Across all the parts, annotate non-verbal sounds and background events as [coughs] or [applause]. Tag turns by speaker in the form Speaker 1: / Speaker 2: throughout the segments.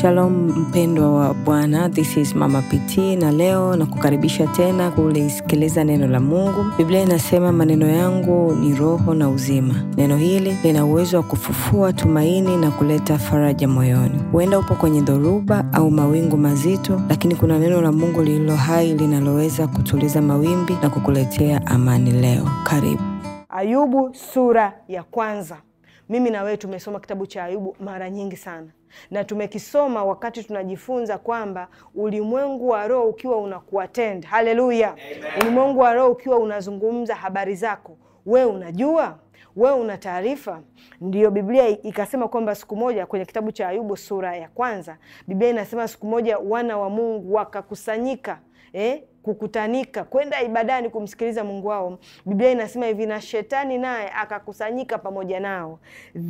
Speaker 1: Shalom mpendwa wa Bwana, this is Mama PT na leo na kukaribisha tena kulisikiliza neno la Mungu. Biblia inasema maneno yangu ni roho na uzima. Neno hili lina uwezo wa kufufua tumaini na kuleta faraja moyoni. Huenda upo kwenye dhoruba au mawingu mazito, lakini kuna neno la Mungu lililo hai linaloweza kutuliza mawimbi na kukuletea amani leo. Karibu Ayubu sura ya kwanza. Mimi na wewe tumesoma kitabu cha Ayubu mara nyingi sana na tumekisoma wakati tunajifunza kwamba ulimwengu wa roho ukiwa unakuatend, haleluya, ulimwengu wa roho ukiwa unazungumza habari zako, we unajua wewe una taarifa. Ndiyo Biblia ikasema kwamba siku moja, kwenye kitabu cha Ayubu sura ya kwanza, Biblia inasema siku moja wana wa Mungu wakakusanyika eh? kukutanika kwenda ibadani kumsikiliza Mungu wao, Biblia inasema hivi, na shetani naye akakusanyika pamoja nao,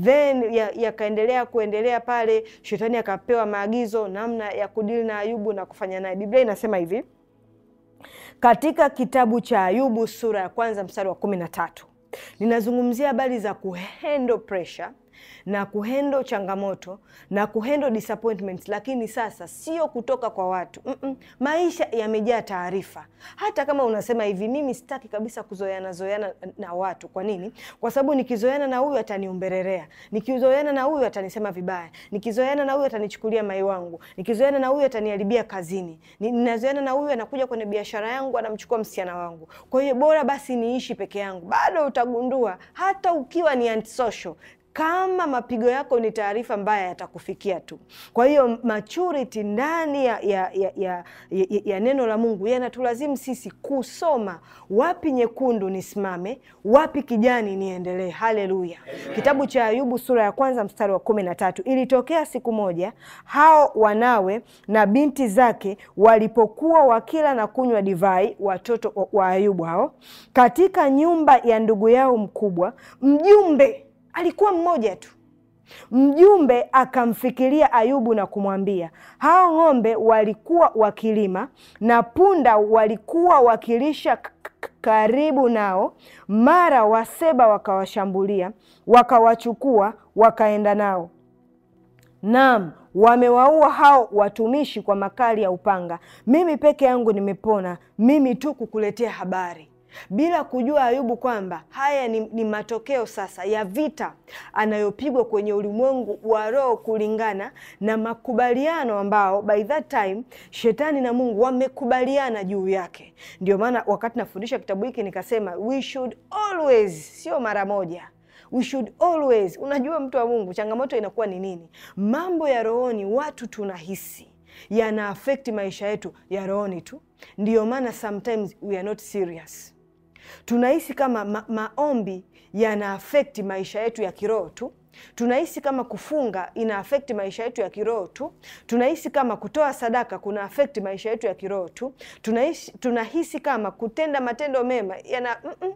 Speaker 1: then yakaendelea ya kuendelea pale, shetani akapewa maagizo namna ya kudili na Ayubu na kufanya naye. Biblia inasema hivi katika kitabu cha Ayubu sura ya kwanza mstari wa kumi na tatu ninazungumzia habari za kuhandle pressure na kuhendo changamoto na kuhendo disappointments, lakini sasa sio kutoka kwa watu mm -mm. Maisha yamejaa taarifa. Hata kama unasema hivi, mimi sitaki kabisa kuzoeana zoeana na watu. Kwa nini? Kwa sababu nikizoeana na huyu ataniumbererea, nikizoeana na huyu atanisema vibaya, nikizoeana na huyu atanichukulia mai wangu, nikizoeana na huyu ataniharibia kazini, ninazoeana na huyu anakuja kwenye biashara yangu, anamchukua msichana wangu. Kwa hiyo bora basi niishi peke yangu. Bado utagundua hata ukiwa ni antisocial kama mapigo yako ni taarifa mbaya, yatakufikia tu. Kwa hiyo maturity ndani ya, ya, ya, ya, ya, ya neno la Mungu yanatulazimu sisi kusoma wapi nyekundu nisimame, wapi kijani niendelee. Haleluya! Kitabu cha Ayubu sura ya kwanza mstari wa kumi na tatu ilitokea siku moja hao wanawe na binti zake walipokuwa wakila na kunywa divai, watoto wa Ayubu hao, katika nyumba ya ndugu yao mkubwa, mjumbe alikuwa mmoja tu. Mjumbe akamfikiria Ayubu na kumwambia, hao ng'ombe walikuwa wakilima na punda walikuwa wakilisha karibu nao, mara Waseba wakawashambulia, wakawachukua, wakaenda nao. Naam, wamewaua hao watumishi kwa makali ya upanga. Mimi peke yangu nimepona, mimi tu kukuletea habari bila kujua Ayubu kwamba haya ni, ni matokeo sasa ya vita anayopigwa kwenye ulimwengu wa roho kulingana na makubaliano ambao by that time shetani na Mungu wamekubaliana juu yake. Ndio maana wakati nafundisha kitabu hiki nikasema we should always, sio mara moja We should always. Unajua, mtu wa Mungu, changamoto inakuwa ni nini? Mambo ya rohoni watu tunahisi yana affect maisha yetu ya rohoni tu, ndiyo maana sometimes we are not serious tunahisi kama ma maombi yana afekti maisha yetu ya kiroho tu tunahisi kama kufunga ina afekti maisha yetu ya kiroho tu. Tunahisi kama kutoa sadaka kuna afekti maisha yetu ya kiroho tu. Tunahisi, tunahisi kama kutenda matendo mema yana mm -mm,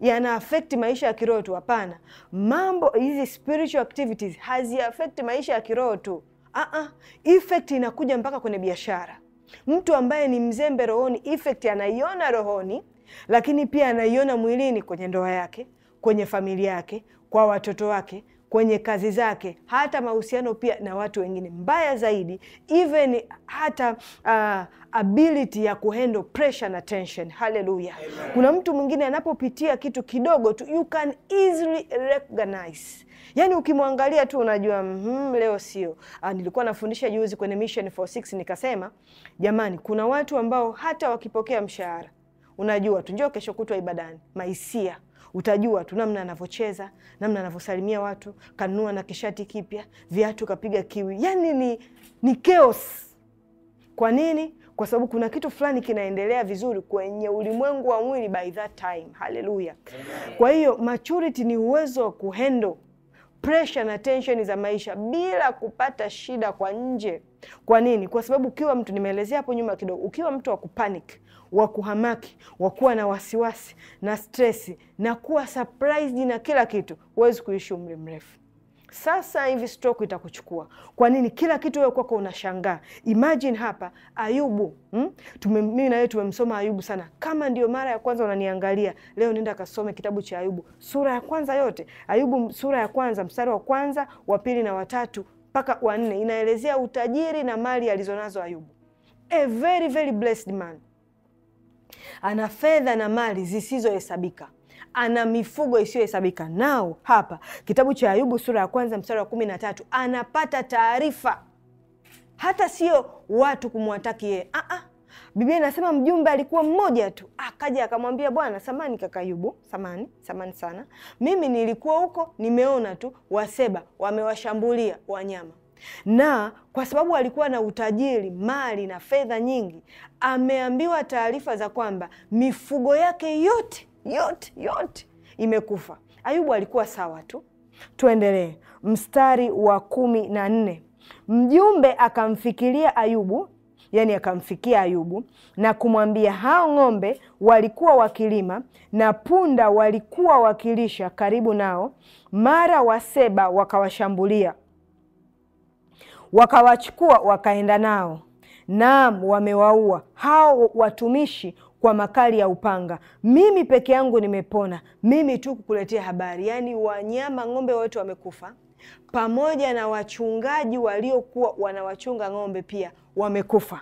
Speaker 1: yana afekti maisha ya kiroho tu. Hapana, mambo hizi spiritual activities haziafekti maisha ya kiroho tu. Uh-uh. Effect inakuja mpaka kwenye biashara. Mtu ambaye ni mzembe rohoni, effect anaiona rohoni lakini pia anaiona mwilini kwenye ndoa yake, kwenye familia yake, kwa watoto wake, kwenye kazi zake, hata mahusiano pia na watu wengine. Mbaya zaidi, even hata uh, ability ya kuhandle pressure na tension. Haleluya! Kuna mtu mwingine anapopitia kitu kidogo tu, you can easily recognize Yaani ukimwangalia tu unajua mm, leo sio. Ah, nilikuwa nafundisha juzi kwenye Mission 46 nikasema, jamani, kuna watu ambao hata wakipokea mshahara unajua tu, njoo kesho kutwa ibadani maisia utajua tu namna anavyocheza, namna anavyosalimia watu, kanunua na kishati kipya, viatu kapiga kiwi. Yani ni, ni chaos. Kwa nini? Kwa sababu kuna kitu fulani kinaendelea vizuri kwenye ulimwengu wa mwili by that time. Haleluya! Kwa hiyo maturity ni uwezo wa kuhendo pressure na tension za maisha bila kupata shida kwa nje. Kwa nini? Kwa sababu ukiwa mtu, nimeelezea hapo nyuma kidogo, ukiwa mtu wa kupanic wa kuhamaki, wa kuwa na wasiwasi na stresi na kuwa surprised na kila kitu, huwezi kuishi umri mrefu. Sasa hivi stroke itakuchukua. Kwa nini? Kila kitu wewe kwako unashangaa. Imagine hapa Ayubu, hmm? mimi nawee tumemsoma Ayubu sana. Kama ndio mara ya kwanza unaniangalia leo, nenda kasome kitabu cha Ayubu sura ya kwanza yote. Ayubu sura ya kwanza mstari wa kwanza, wa pili na watatu mpaka wanne inaelezea utajiri na mali alizonazo Ayubu. A very very blessed man ana fedha na mali zisizohesabika ana mifugo isiyohesabika. Nao hapa kitabu cha Ayubu sura ya kwanza mstari wa kumi na tatu anapata taarifa, hata sio watu kumwataki yeye. Biblia inasema mjumbe alikuwa mmoja tu, akaja akamwambia, bwana samani, kaka samani, samani sana, mimi nilikuwa huko nimeona tu waseba wamewashambulia wanyama na kwa sababu alikuwa na utajiri, mali na fedha nyingi, ameambiwa taarifa za kwamba mifugo yake yote yote yote imekufa. Ayubu alikuwa sawa tu. Tuendelee mstari wa kumi na nne. Mjumbe akamfikiria Ayubu, yani akamfikia Ayubu na kumwambia, hao ng'ombe walikuwa wakilima na punda walikuwa wakilisha karibu nao, mara waseba wakawashambulia wakawachukua wakaenda nao. Naam, wamewaua hao watumishi kwa makali ya upanga. Mimi peke yangu nimepona, mimi tu kukuletea habari. Yaani wanyama ng'ombe wote wamekufa, pamoja na wachungaji waliokuwa wanawachunga ng'ombe pia wamekufa.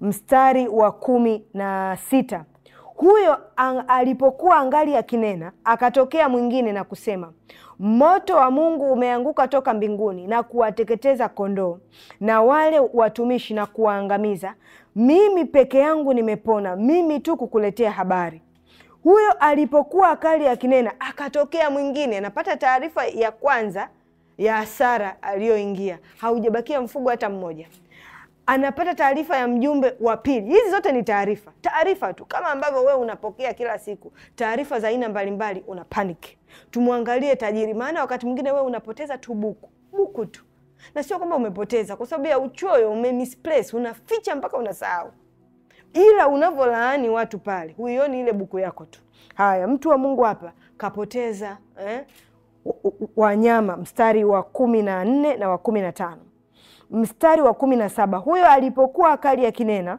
Speaker 1: Mstari wa kumi na sita huyo alipokuwa angali akinena, akatokea mwingine na kusema moto wa Mungu umeanguka toka mbinguni na kuwateketeza kondoo na wale watumishi na kuwaangamiza. Mimi peke yangu nimepona, mimi tu kukuletea habari. Huyo alipokuwa akali akinena, akatokea mwingine, anapata taarifa ya kwanza ya hasara aliyoingia. Haujabakia mfugo hata mmoja anapata taarifa ya mjumbe wa pili. Hizi zote ni taarifa, taarifa tu, kama ambavyo wewe unapokea kila siku taarifa za aina mbalimbali, una panic tumwangalie tajiri, maana wakati mwingine wewe unapoteza tu buku buku tu, na sio kwamba umepoteza kwa sababu ya uchoyo, umemisplace, unaficha mpaka unasahau, ila unavyolaani watu pale huioni ile buku yako tu. Haya, mtu wa Mungu hapa kapoteza eh? Wanyama mstari wa kumi na nne na wa kumi na tano mstari wa kumi na saba huyo alipokuwa akali akinena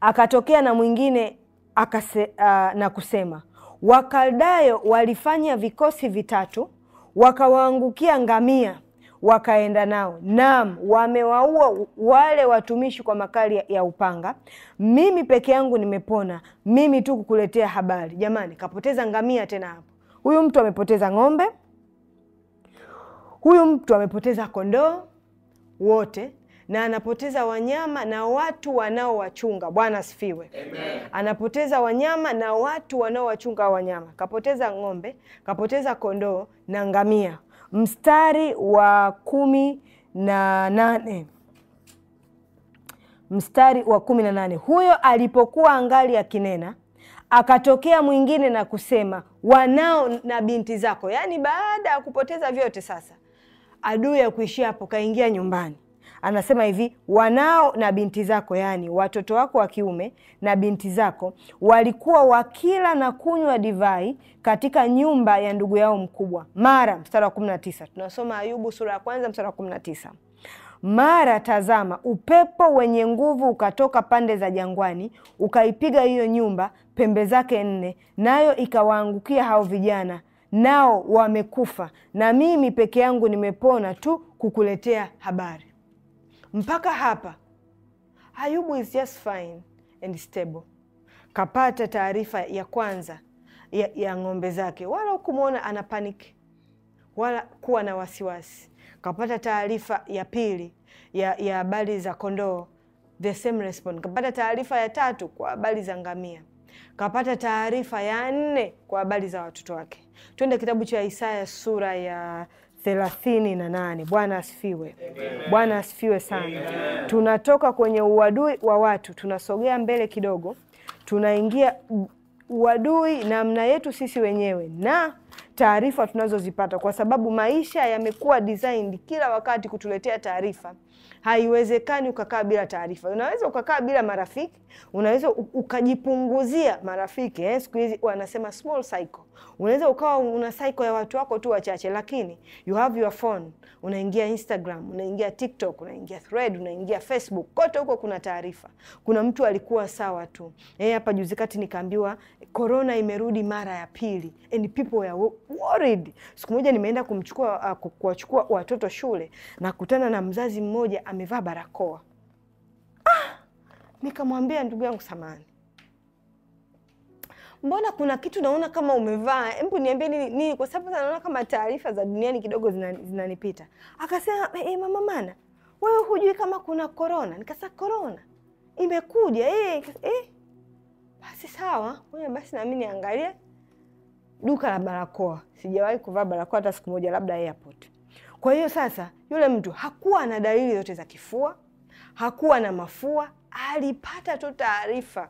Speaker 1: akatokea na mwingine akase, uh, na kusema Wakaldayo walifanya vikosi vitatu, wakawaangukia ngamia, wakaenda nao. Naam, wamewaua wale watumishi kwa makali ya upanga. Mimi peke yangu nimepona, mimi tu kukuletea habari. Jamani, kapoteza ngamia tena hapo. Huyu mtu amepoteza ng'ombe, huyu mtu amepoteza kondoo wote na anapoteza wanyama na watu wanaowachunga. Bwana asifiwe. Anapoteza wanyama na watu wanaowachunga wanyama. Kapoteza ng'ombe, kapoteza kondoo na ngamia. Mstari wa kumi na nane mstari wa kumi na nane huyo alipokuwa angali akinena akatokea mwingine na kusema wanao na binti zako. Yaani, baada ya kupoteza vyote, sasa adui ya kuishia hapo kaingia nyumbani anasema hivi, wanao na binti zako, yaani watoto wako wa kiume na binti zako walikuwa wakila na kunywa divai katika nyumba ya ndugu yao mkubwa. Mara, mstari wa 19, tunasoma Ayubu sura ya kwanza mstari wa 19. Mara tazama, upepo wenye nguvu ukatoka pande za jangwani ukaipiga hiyo nyumba pembe zake nne, nayo ikawaangukia hao vijana, nao wamekufa, na mimi peke yangu nimepona tu kukuletea habari. Mpaka hapa Ayubu is just fine and stable. Kapata taarifa ya kwanza ya, ya ng'ombe zake, wala hukumwona ana panic wala kuwa na wasiwasi. Kapata taarifa ya pili ya habari za kondoo, the same response. Kapata taarifa ya tatu kwa habari za ngamia kapata taarifa ya nne kwa habari za watoto wake. Twende kitabu cha Isaya sura ya thelathini na nane. Bwana asifiwe, Bwana asifiwe sana. Amen. Tunatoka kwenye uadui wa watu, tunasogea mbele kidogo, tunaingia uadui namna yetu sisi wenyewe na taarifa tunazozipata, kwa sababu maisha yamekuwa designed kila wakati kutuletea taarifa. Haiwezekani ukakaa bila taarifa. Unaweza ukakaa bila marafiki, unaweza ukajipunguzia marafiki eh. Siku hizi wanasema small cycle Unaweza ukawa una cycle ya watu wako tu wachache, lakini you have your phone, unaingia Instagram, unaingia TikTok, unaingia Thread, unaingia Facebook, kote huko kuna taarifa. Kuna mtu alikuwa sawa tu eh, hapa juzi kati nikaambiwa corona imerudi mara ya pili and people were worried. Siku moja nimeenda kumchukua uh, kuwachukua watoto shule na kutana na mzazi mmoja amevaa barakoa ah! Nikamwambia ndugu yangu, samani mbona kuna kitu naona kama umevaa, hebu niambie nini nini, kwa sababu naona kama taarifa za duniani kidogo zinanipita. Zina akasema hey, eh, eh, mama Mana, wewe hujui kama kuna korona? Nikasema korona imekuja eh, eh. Basi sawa, wewe basi, nami niangalie duka la barakoa. Sijawahi kuvaa barakoa hata siku moja, labda airport. Kwa hiyo sasa, yule mtu hakuwa na dalili zote za kifua, hakuwa na mafua, alipata tu taarifa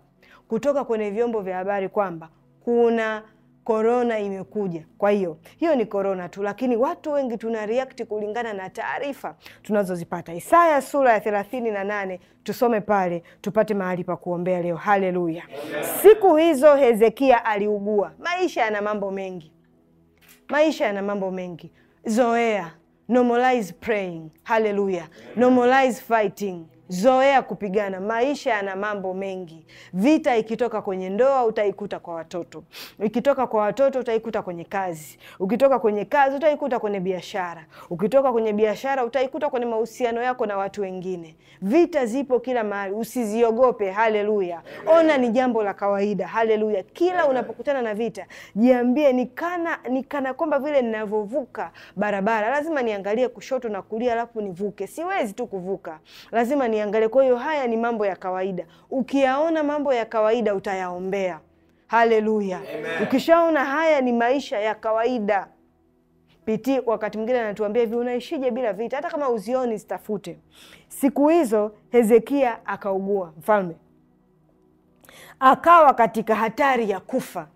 Speaker 1: kutoka kwenye vyombo vya habari kwamba kuna korona imekuja. Kwa hiyo hiyo ni korona tu, lakini watu wengi tuna react kulingana na taarifa tunazozipata. Isaya sura ya thelathini na nane tusome pale tupate mahali pa kuombea leo. Haleluya! Siku hizo Hezekia aliugua. Maisha yana mambo mengi, maisha yana mambo mengi. Zoea, normalize praying. Haleluya, normalize fighting Zoea kupigana. Maisha yana mambo mengi. Vita ikitoka kwenye ndoa utaikuta kwa watoto, ikitoka kwa watoto utaikuta kwenye kazi, ukitoka kwenye kazi utaikuta kwenye biashara, ukitoka kwenye biashara utaikuta kwenye mahusiano yako na watu wengine. Vita zipo kila mahali, usiziogope. Haleluya! Ona ni jambo la kawaida. Haleluya! Kila unapokutana na vita, jiambie nikana, nikana kwamba vile ninavyovuka barabara lazima niangalie kushoto na kulia, alafu nivuke. Siwezi tu kuvuka, lazima ni niangalie. Kwa hiyo haya ni mambo ya kawaida, ukiyaona mambo ya kawaida utayaombea. Haleluya! Ukishaona haya ni maisha ya kawaida piti. Wakati mwingine anatuambia hivi, unaishije bila vita? Hata kama uzioni zitafute. Siku hizo Hezekia akaugua, mfalme akawa katika hatari ya kufa.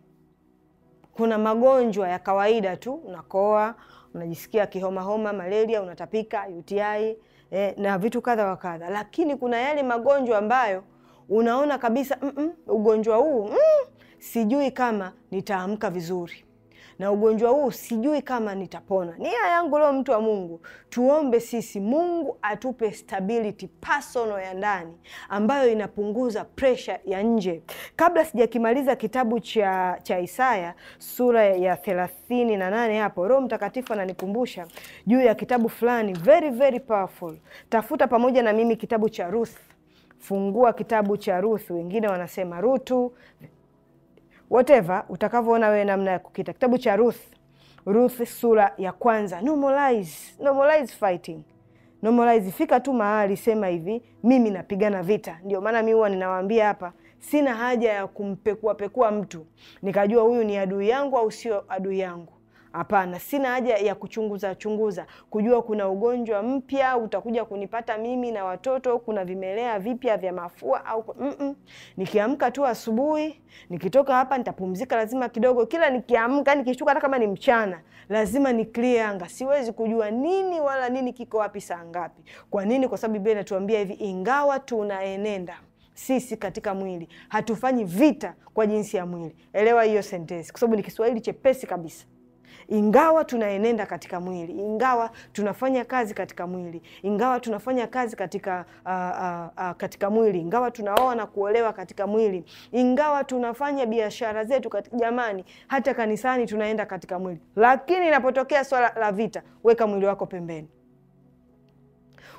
Speaker 1: Kuna magonjwa ya kawaida tu, unakoa, unajisikia kihomahoma, malaria, unatapika, UTI eh, na vitu kadha wa kadha, lakini kuna yale magonjwa ambayo unaona kabisa mm -mm, ugonjwa huu mm, sijui kama nitaamka vizuri na ugonjwa huu sijui kama nitapona. Nia yangu leo, mtu wa Mungu, tuombe sisi Mungu atupe stability personal ya ndani ambayo inapunguza pressure ya nje. Kabla sijakimaliza kitabu cha, cha Isaya sura ya thelathini na nane hapo Roho Mtakatifu ananikumbusha juu ya kitabu fulani very, very powerful. Tafuta pamoja na mimi kitabu cha Ruth, fungua kitabu cha Ruth, wengine wanasema Rutu whatever utakavyoona wewe namna ya kukita. Kitabu cha Ruth, Ruth sura ya kwanza. Normalize, normalize fighting, normalize. Fika tu mahali sema hivi, mimi napigana vita. Ndio maana mi huwa ninawaambia hapa, sina haja ya kumpekuapekua mtu nikajua huyu ni adui yangu au sio adui yangu. Hapana, sina haja ya kuchunguza chunguza kujua kuna ugonjwa mpya utakuja kunipata mimi na watoto, kuna vimelea vipya vya mafua au mm -mm. Nikiamka tu asubuhi, nikitoka hapa nitapumzika lazima kidogo, kila nikiamka, nikishuka, hata kama ni mchana, lazima ni clear anga. Siwezi kujua nini wala nini kiko wapi saa ngapi. Kwa nini? Kwa sababu Biblia inatuambia hivi, ingawa tunaenenda sisi katika mwili hatufanyi vita kwa jinsi ya mwili. Elewa hiyo sentensi, kwa sababu ni Kiswahili chepesi kabisa ingawa tunaenenda katika mwili, ingawa tunafanya kazi katika mwili, ingawa tunafanya kazi katika uh, uh, uh, katika mwili, ingawa tunaoa na kuolewa katika mwili, ingawa tunafanya biashara zetu katika, jamani, hata kanisani tunaenda katika mwili, lakini inapotokea swala la vita, weka mwili wako pembeni.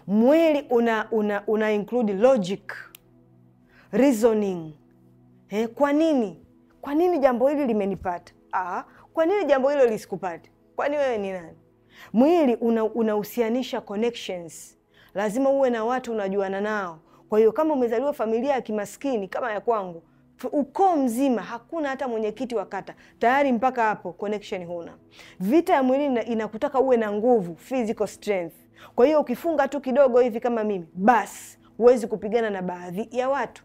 Speaker 1: Mwili una, una, una include logic reasoning. Eh, kwa nini kwa nini jambo hili limenipata? Kwa nini jambo hilo lisikupate? Kwani wewe ni nani? Mwili unahusianisha una connections, lazima uwe na watu unajuana nao. Kwa hiyo kama umezaliwa familia ya kimaskini kama ya kwangu, ukoo mzima hakuna hata mwenyekiti wa kata tayari, mpaka hapo connection huna. Vita ya mwilini inakutaka uwe na nguvu, physical strength. Kwa hiyo ukifunga tu kidogo hivi kama mimi, basi huwezi kupigana na baadhi ya watu.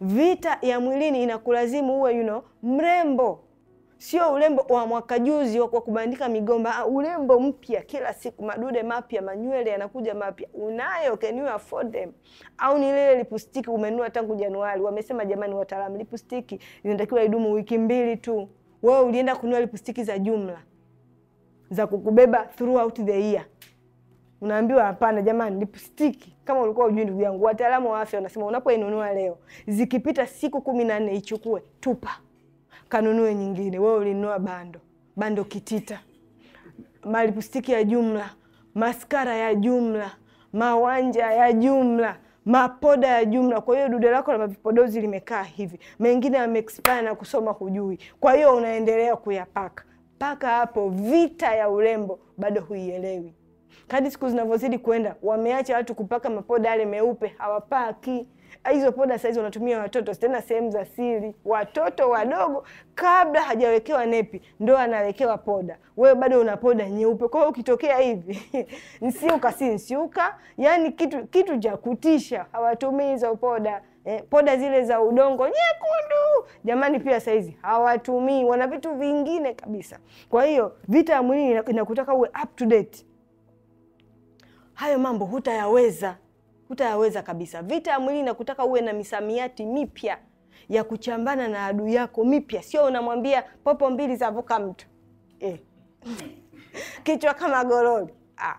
Speaker 1: Vita ya mwilini inakulazimu uwe you know, mrembo sio urembo wa mwaka juzi wa kwa kubandika migomba, ah, urembo mpya kila siku, madude mapya, manywele yanakuja mapya. Unayo, can you afford them? Au ni lile lipstick umenunua tangu Januari? Wamesema jamani, wataalamu, lipstick inatakiwa idumu wiki mbili tu. Wewe ulienda kununua lipstick za jumla za kukubeba throughout the year, unaambiwa hapana, jamani, lipstick kama ulikuwa ujui, ndugu yangu, wataalamu wa afya wanasema unapoinunua leo, zikipita siku kumi na nne ichukue, tupa kanunue nyingine. Wewe ulinunua bando, bando kitita, malipstiki ya jumla, maskara ya jumla, mawanja ya jumla mapoda ya jumla. Kwa hiyo dude lako la mavipodozi limekaa hivi, mengine yameexpire na kusoma hujui, kwa hiyo unaendelea kuyapaka mpaka hapo. Vita ya urembo bado huielewi. Kadri siku zinavyozidi kwenda, wameacha watu kupaka mapoda yale meupe, hawapaki hizo poda saizi wanatumia watoto tena sehemu za siri, watoto wadogo kabla hajawekewa nepi ndo anawekewa poda, wewe bado una poda nyeupe. Kwa hiyo ukitokea hivi nsiuka [laughs] si nsiuka, yani kitu kitu cha kutisha. Hawatumii hizo poda eh, poda zile za udongo nyekundu jamani, pia saizi hawatumii, wana vitu vingine kabisa. Kwa hiyo vita ya mwilini inakutaka uwe up to date, hayo mambo hutayaweza hutayaweza kabisa. Vita ya mwili inakutaka uwe na misamiati mipya ya kuchambana na adui yako mipya, sio unamwambia popo mbili zavuka mtu eh. [laughs] kichwa kama gololi ah.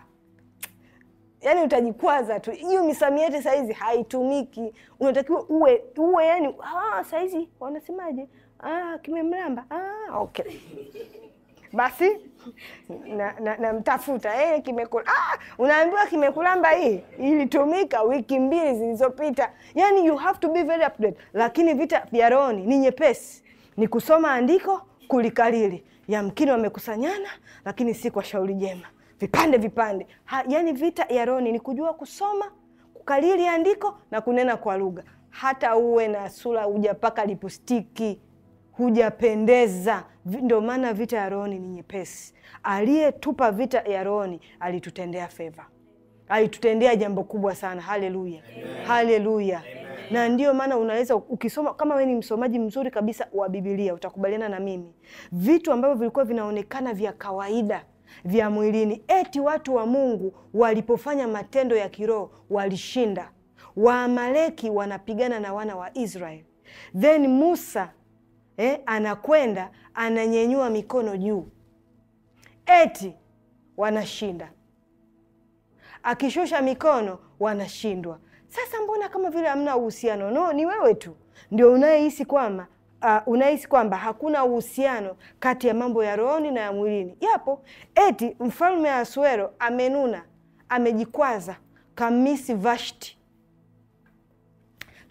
Speaker 1: Yani utajikwaza tu. Hiyo misamiati saizi haitumiki, unatakiwa uwe uwe yani ah, saizi wanasemaje? Ah, kimemlamba ah,
Speaker 2: okay [laughs]
Speaker 1: basi namtafuta na, na eh, kimekula ah, unaambiwa kimekulamba. Hii ilitumika wiki mbili zilizopita. Yani you have to be very updated, lakini vita vya rohoni ni nyepesi, ni kusoma andiko, kulikalili. Yamkini wamekusanyana, lakini si kwa shauri jema, vipande vipande. Ha, yani vita ya rohoni ni kujua kusoma, kukalili andiko na kunena kwa lugha, hata uwe na sura hujapaka lipostiki, hujapendeza ndio maana vita ya rohoni ni nyepesi. Aliyetupa vita ya rohoni alitutendea feva, alitutendea jambo kubwa sana. Haleluya, haleluya! Na ndiyo maana unaweza ukisoma, kama we ni msomaji mzuri kabisa wa Bibilia, utakubaliana na mimi, vitu ambavyo vilikuwa vinaonekana vya kawaida vya mwilini, eti watu wa Mungu walipofanya matendo ya kiroho walishinda. Waamaleki wanapigana na wana wa Israeli, then Musa eh, anakwenda ananyenyua mikono juu, eti wanashinda, akishusha mikono wanashindwa. Sasa mbona kama vile hamna uhusiano? No, ni wewe tu ndio unayehisi kwamba Uh, ah, unahisi kwamba hakuna uhusiano kati ya mambo ya rohoni na ya mwilini. Yapo. Eti mfalme wa Asuero amenuna, amejikwaza, kamisi Vashti,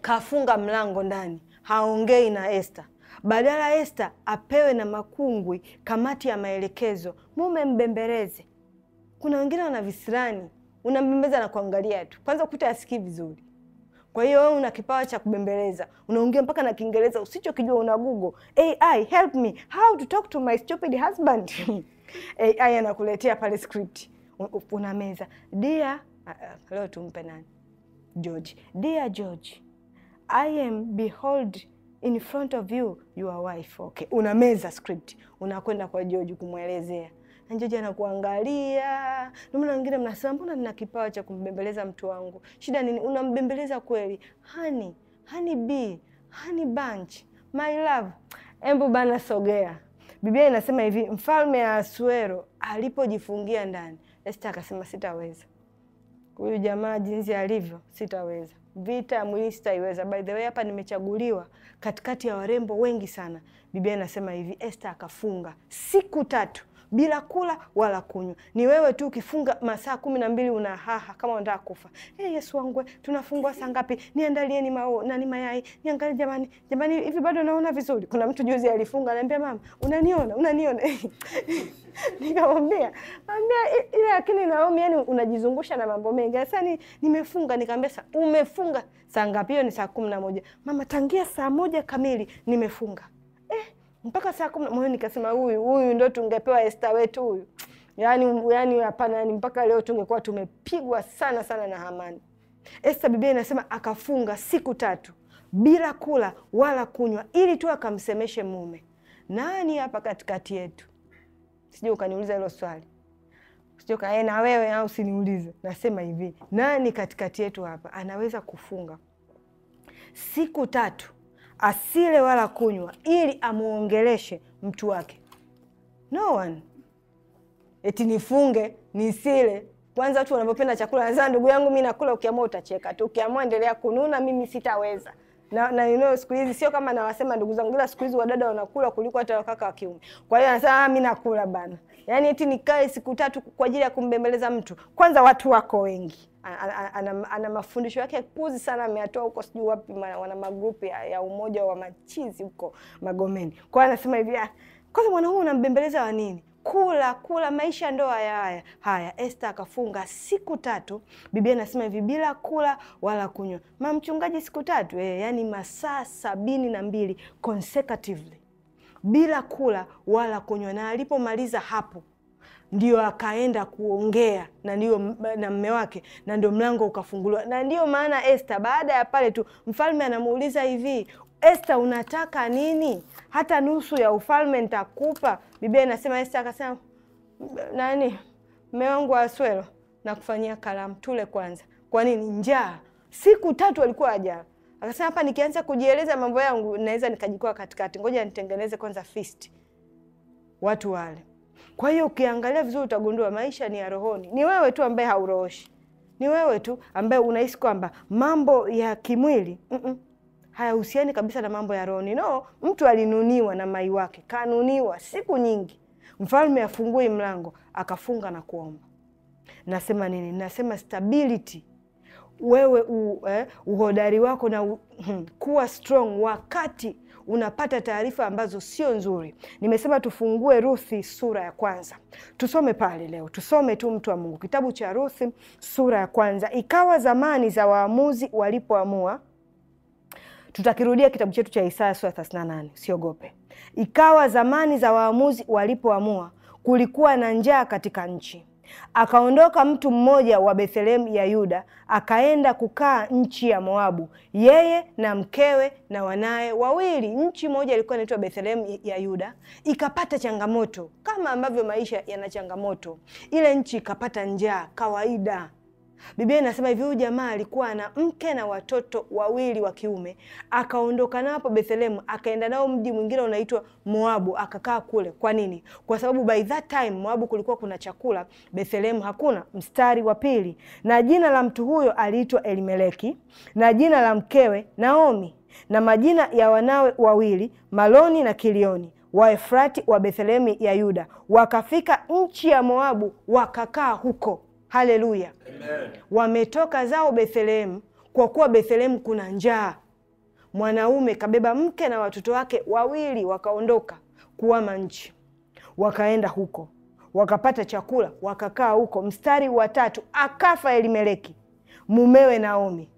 Speaker 1: kafunga mlango ndani, haongei na Esta. Badala Esta apewe na makungwi kamati ya maelekezo, mume mbembeleze. Kuna wengine wana visirani, unambembeza na kuangalia tu, kwanza ukuta asikii vizuri. Kwa hiyo wewe una kipawa cha kubembeleza, unaongea mpaka na Kiingereza usichokijua, una Google AI help me how to talk to my stupid husband AI [laughs] anakuletea pale script, una meza dear leo tumpe nani George, dear George I am behold in front of you your wife. Okay, unameza script, unakwenda kwa George kumwelezea na George anakuangalia. Ndio maana wengine mnasema mbona nina kipawa cha kumbembeleza mtu wangu, shida nini? Unambembeleza kweli. Hani, hani b, hani bunch, my love, embu bana sogea. Biblia inasema hivi, mfalme ya Asuero alipojifungia ndani, Esta akasema sitaweza, huyu jamaa jinsi alivyo, sitaweza vita ya mwinista iweza. By the way, hapa nimechaguliwa katikati ya warembo wengi sana. Biblia inasema hivi, Esther akafunga siku tatu bila kula wala kunywa. Ni wewe tu ukifunga masaa kumi na mbili una haha kama unataka kufa. Hey, eh, Yesu wangu, tunafungua saa ngapi? Niandalieni mao na ni mayai. Niangalie jamani, jamani, hivi bado naona vizuri. Kuna mtu juzi alifunga, ananiambia mama, unaniona unaniona. [laughs] Nikamwambia ambia ila, lakini Naomi, yani unajizungusha na mambo mengi. Sasa ni, nimefunga. Nikamwambia umefunga saa ngapi? Hiyo ni saa kumi na moja. Mama, tangia saa moja kamili nimefunga mpaka saa kumi moyo nikasema, huyu huyu ndo tungepewa Esta wetu huyu. Yani yani hapana, yani mpaka leo tungekuwa tumepigwa sana sana na Hamani. Esta Biblia inasema akafunga siku tatu bila kula wala kunywa, ili tu akamsemeshe mume. Nani hapa katikati yetu? Sijui ukaniuliza hilo swali, sijui eh, na wewe au usiniulize. Nasema hivi, nani katikati yetu hapa anaweza kufunga siku tatu asile wala kunywa, ili amuongeleshe mtu wake. No one eti nifunge nisile. Kwanza watu wanavyopenda chakula, nazaa ndugu yangu, mi nakula, ukiamua utacheka tu, ukiamua endelea kununa, mimi sitaweza na na you know, siku hizi sio kama nawasema ndugu zangu, ila siku hizi wadada wanakula kuliko hata wakaka wa kiume. Kwa hiyo anasema mimi ah, nakula bana, yaani eti nikae siku tatu kwa ajili ya kumbembeleza mtu. Kwanza watu wako wengi ana, ana, mafundisho yake kuzi sana ameyatoa huko sijui wapi, wana magrupu ya, ya umoja wa machizi huko Magomeni. Kwa hiyo anasema hivi, ah, kwanza mwana huyu unambembeleza wa nini? Kula kula, maisha ndo haya haya haya. Esta akafunga siku tatu, Biblia anasema hivi, bila kula wala kunywa. Mamchungaji, siku tatu eh, yani masaa sabini na mbili consecutively bila kula wala kunywa, na alipomaliza hapo ndio akaenda kuongea na ndio na mme wake, na ndio mlango ukafunguliwa. Na ndiyo maana Esther baada ya pale tu mfalme anamuuliza hivi, Esther unataka nini? Hata nusu ya ufalme nitakupa. Biblia inasema Esther akasema, nani mme wangu Aswelo nakufanyia karamu, tule kwanza. Kwa nini? Njaa siku tatu alikuwa ajaa Akasema hapa nikianza kujieleza mambo yangu naweza nikajikua katikati, ngoja nitengeneze kwanza feast watu wale. Kwa hiyo ukiangalia vizuri utagundua maisha ni ya rohoni. Ni wewe tu ambaye haurohoshi, ni wewe tu ambaye unahisi kwamba mambo ya kimwili mm -mm, hayahusiani kabisa na mambo ya rohoni. No, mtu alinuniwa na mai wake, kanuniwa siku nyingi, mfalme afungui mlango, akafunga na kuomba. Nasema nini? Nasema stability wewe u, eh, uhodari wako na u, hmm, kuwa strong wakati unapata taarifa ambazo sio nzuri. Nimesema tufungue Ruthi sura ya kwanza, tusome pale leo, tusome tu mtu wa Mungu, kitabu cha Ruthi sura ya kwanza. Ikawa zamani za waamuzi walipoamua tutakirudia kitabu chetu cha Isaya sura 38, siogope. Ikawa zamani za waamuzi walipoamua, kulikuwa na njaa katika nchi, Akaondoka mtu mmoja wa Bethlehemu ya Yuda akaenda kukaa nchi ya Moabu, yeye na mkewe na wanaye wawili. Nchi moja ilikuwa inaitwa Bethlehemu ya Yuda, ikapata changamoto kama ambavyo maisha yana changamoto. Ile nchi ikapata njaa kawaida Biblia inasema hivi, huyu jamaa alikuwa na mke na watoto wawili wa kiume, akaondoka nao hapo Bethlehemu, akaenda nao mji mwingine unaitwa Moabu, akakaa kule. Kwa nini? Kwa sababu by that time Moabu kulikuwa kuna chakula, Bethlehemu hakuna. Mstari wa pili, na jina la mtu huyo aliitwa Elimeleki, na jina la mkewe Naomi, na majina ya wanawe wawili Maloni na Kilioni Waefrati wa Bethlehemu ya Yuda, wakafika nchi ya Moabu, wakakaa huko haleluya wametoka zao bethlehemu kwa kuwa bethlehemu kuna njaa mwanaume kabeba mke na watoto wake wawili wakaondoka kuama nchi wakaenda huko wakapata chakula wakakaa huko mstari wa tatu akafa elimeleki mumewe naomi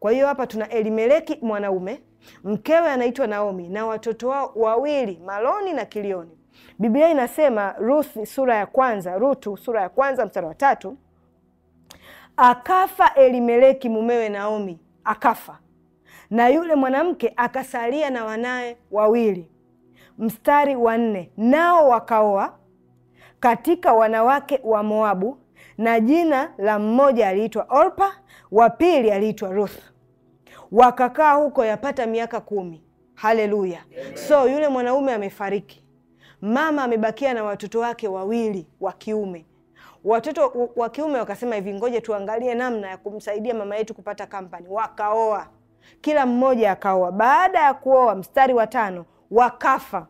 Speaker 1: kwa hiyo hapa tuna elimeleki mwanaume mkewe anaitwa naomi na watoto wao wawili maloni na kilioni biblia inasema ruth sura ya kwanza rutu sura ya kwanza mstari wa tatu akafa Elimeleki mumewe Naomi, akafa na yule mwanamke akasalia na wanawe wawili. Mstari wa nne, nao wakaoa katika wanawake wa Moabu, na jina la mmoja aliitwa Orpa, wa pili aliitwa Ruth. Wakakaa huko yapata miaka kumi. Haleluya! So yule mwanaume amefariki, mama amebakia na watoto wake wawili wa kiume Watoto wa kiume wakasema hivi, ngoja tuangalie namna ya kumsaidia mama yetu kupata kampani. Wakaoa, kila mmoja akaoa. Baada ya kuoa, mstari wa tano, wakafa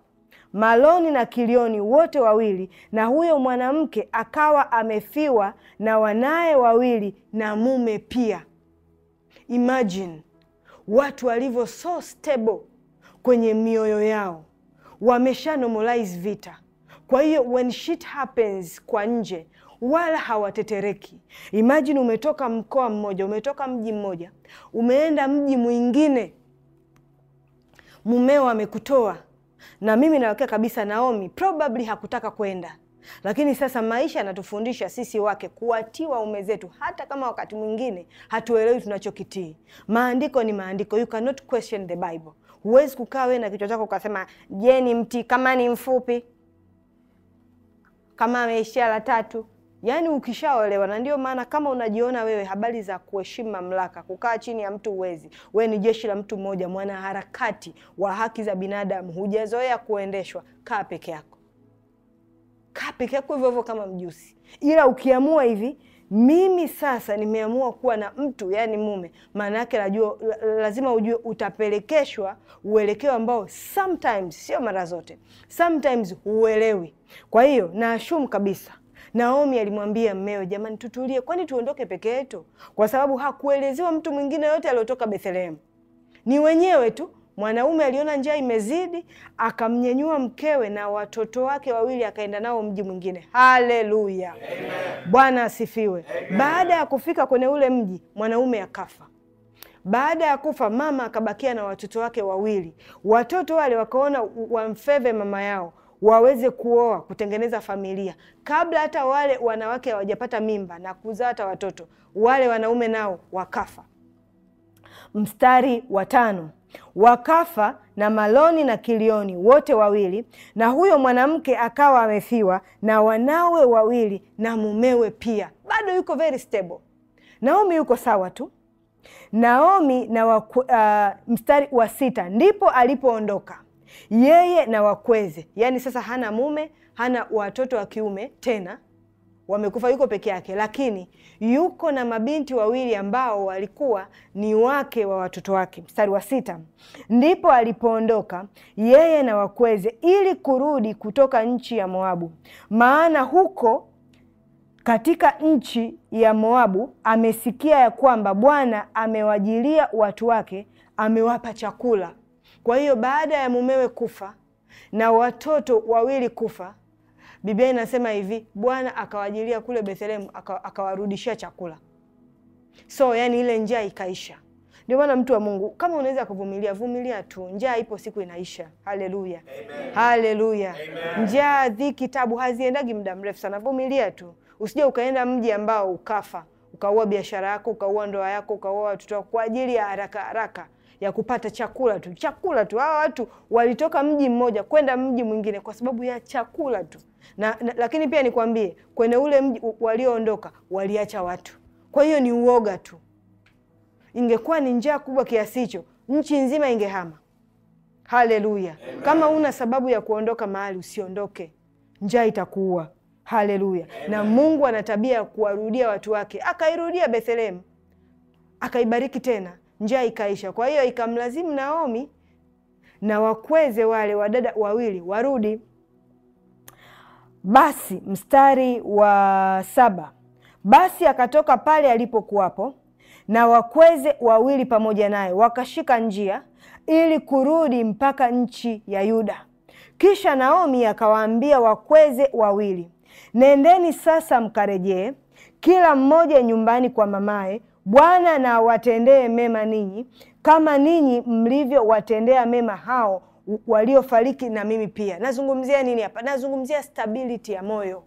Speaker 1: Maloni na Kilioni wote wawili, na huyo mwanamke akawa amefiwa na wanaye wawili na mume pia. Imagine watu walivyo so stable kwenye mioyo yao, wamesha normalize vita. Kwa hiyo when shit happens kwa nje wala hawatetereki. Imagine umetoka mkoa mmoja, umetoka mji mmoja, umeenda mji mwingine, mumeo amekutoa. Na mimi nawakia kabisa, Naomi probably hakutaka kwenda lakini sasa maisha yanatufundisha sisi wake kuwatii waume zetu, hata kama wakati mwingine hatuelewi tunachokitii. Maandiko ni maandiko, you cannot question the Bible. Huwezi kukaa wewe na kichwa chako ukasema, je, ni mti kama ni mfupi, kama ameishia la tatu Yaani ukishaolewa, na ndio maana kama unajiona wewe habari za kuheshimu mamlaka, kukaa chini ya mtu uwezi, wewe ni jeshi la mtu mmoja, mwanaharakati wa haki za binadamu, hujazoea kuendeshwa, kaa peke yako, kaa peke yako hivyo hivyo kama mjusi. Ila ukiamua hivi, mimi sasa nimeamua kuwa na mtu, yani mume, maana yake najua lazima ujue utapelekeshwa uelekeo ambao sometimes, sio mara zote, sometimes huelewi. Kwa hiyo naashumu kabisa Naomi alimwambia mmeo, jamani, tutulie, kwani tuondoke peke yetu? Kwa sababu hakuelezewa mtu mwingine yote aliotoka Bethlehemu, ni wenyewe tu. Mwanaume aliona njaa imezidi, akamnyanyua mkewe na watoto wake wawili, akaenda nao mji mwingine. Haleluya, Bwana asifiwe. Baada ya kufika kwenye ule mji, mwanaume akafa. Baada ya kufa, mama akabakia na watoto wake wawili. Watoto wale wakaona wamfeve mama yao, waweze kuoa kutengeneza familia, kabla hata wale wanawake hawajapata mimba na kuzaa hata watoto, wale wanaume nao wakafa. Mstari wa tano wakafa na maloni na kilioni wote wawili, na huyo mwanamke akawa amefiwa na wanawe wawili na mumewe pia. Bado yuko very stable, Naomi yuko sawa tu. Naomi na waku, uh, mstari wa sita ndipo alipoondoka yeye na wakweze. Yaani sasa hana mume, hana watoto wa kiume tena, wamekufa, yuko peke yake, lakini yuko na mabinti wawili ambao walikuwa ni wake wa watoto wake. Mstari wa sita, ndipo alipoondoka yeye na wakweze ili kurudi kutoka nchi ya Moabu, maana huko katika nchi ya Moabu amesikia ya kwamba Bwana amewajilia watu wake, amewapa chakula kwa hiyo baada ya mumewe kufa na watoto wawili kufa, Biblia inasema hivi, Bwana akawajilia kule Bethlehemu akawarudishia chakula. So yani ile njaa ikaisha. Ndio maana mtu wa Mungu, kama unaweza kuvumilia, vumilia tu. Njaa ipo siku inaisha. Haleluya, haleluya! Njaa, dhiki, tabu haziendagi muda mrefu sana. Vumilia tu, usije ukaenda mji ambao ukafa ukaua biashara yako, ukaua ndoa yako, ukaua watoto wako kwa ajili ya haraka haraka ya kupata chakula tu, chakula tu. Hawa watu walitoka mji mmoja kwenda mji mwingine kwa sababu ya chakula tu na, na, lakini pia nikwambie kwenye ule mji walioondoka waliacha watu, kwa hiyo ni uoga tu. Ingekuwa ni njaa kubwa kiasi hicho, nchi nzima ingehama. Haleluya! Kama una sababu ya kuondoka mahali, usiondoke, njaa itakuua. Haleluya! Na Mungu ana tabia ya kuwarudia watu wake. Akairudia Bethlehemu, akaibariki tena, njaa ikaisha. Kwa hiyo ikamlazimu Naomi na wakweze wale wadada wawili warudi. Basi mstari wa saba, basi akatoka pale alipokuwapo na wakweze wawili pamoja naye, wakashika njia ili kurudi mpaka nchi ya Yuda. Kisha Naomi akawaambia wakweze wawili Nendeni sasa mkarejee, kila mmoja nyumbani kwa mamaye. Bwana na watendee mema ninyi kama ninyi mlivyowatendea mema hao waliofariki na mimi pia. Nazungumzia nini hapa? Nazungumzia stability ya moyo,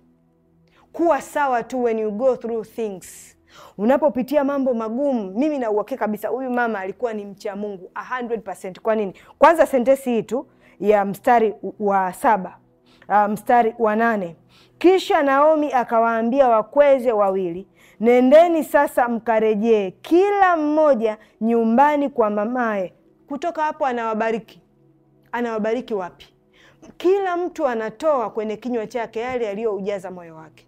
Speaker 1: kuwa sawa tu when you go through things unapopitia mambo magumu. Mimi na kabisa huyu mama alikuwa ni mcha Mungu 100%. Kwa nini? Kwanza sentesi hii tu ya mstari wa saba, uh, mstari wa nane kisha Naomi akawaambia wakweze wawili, nendeni sasa mkarejee kila mmoja nyumbani kwa mamaye. Kutoka hapo anawabariki. Anawabariki wapi? Kila mtu anatoa kwenye kinywa chake yale yaliyoujaza moyo wake.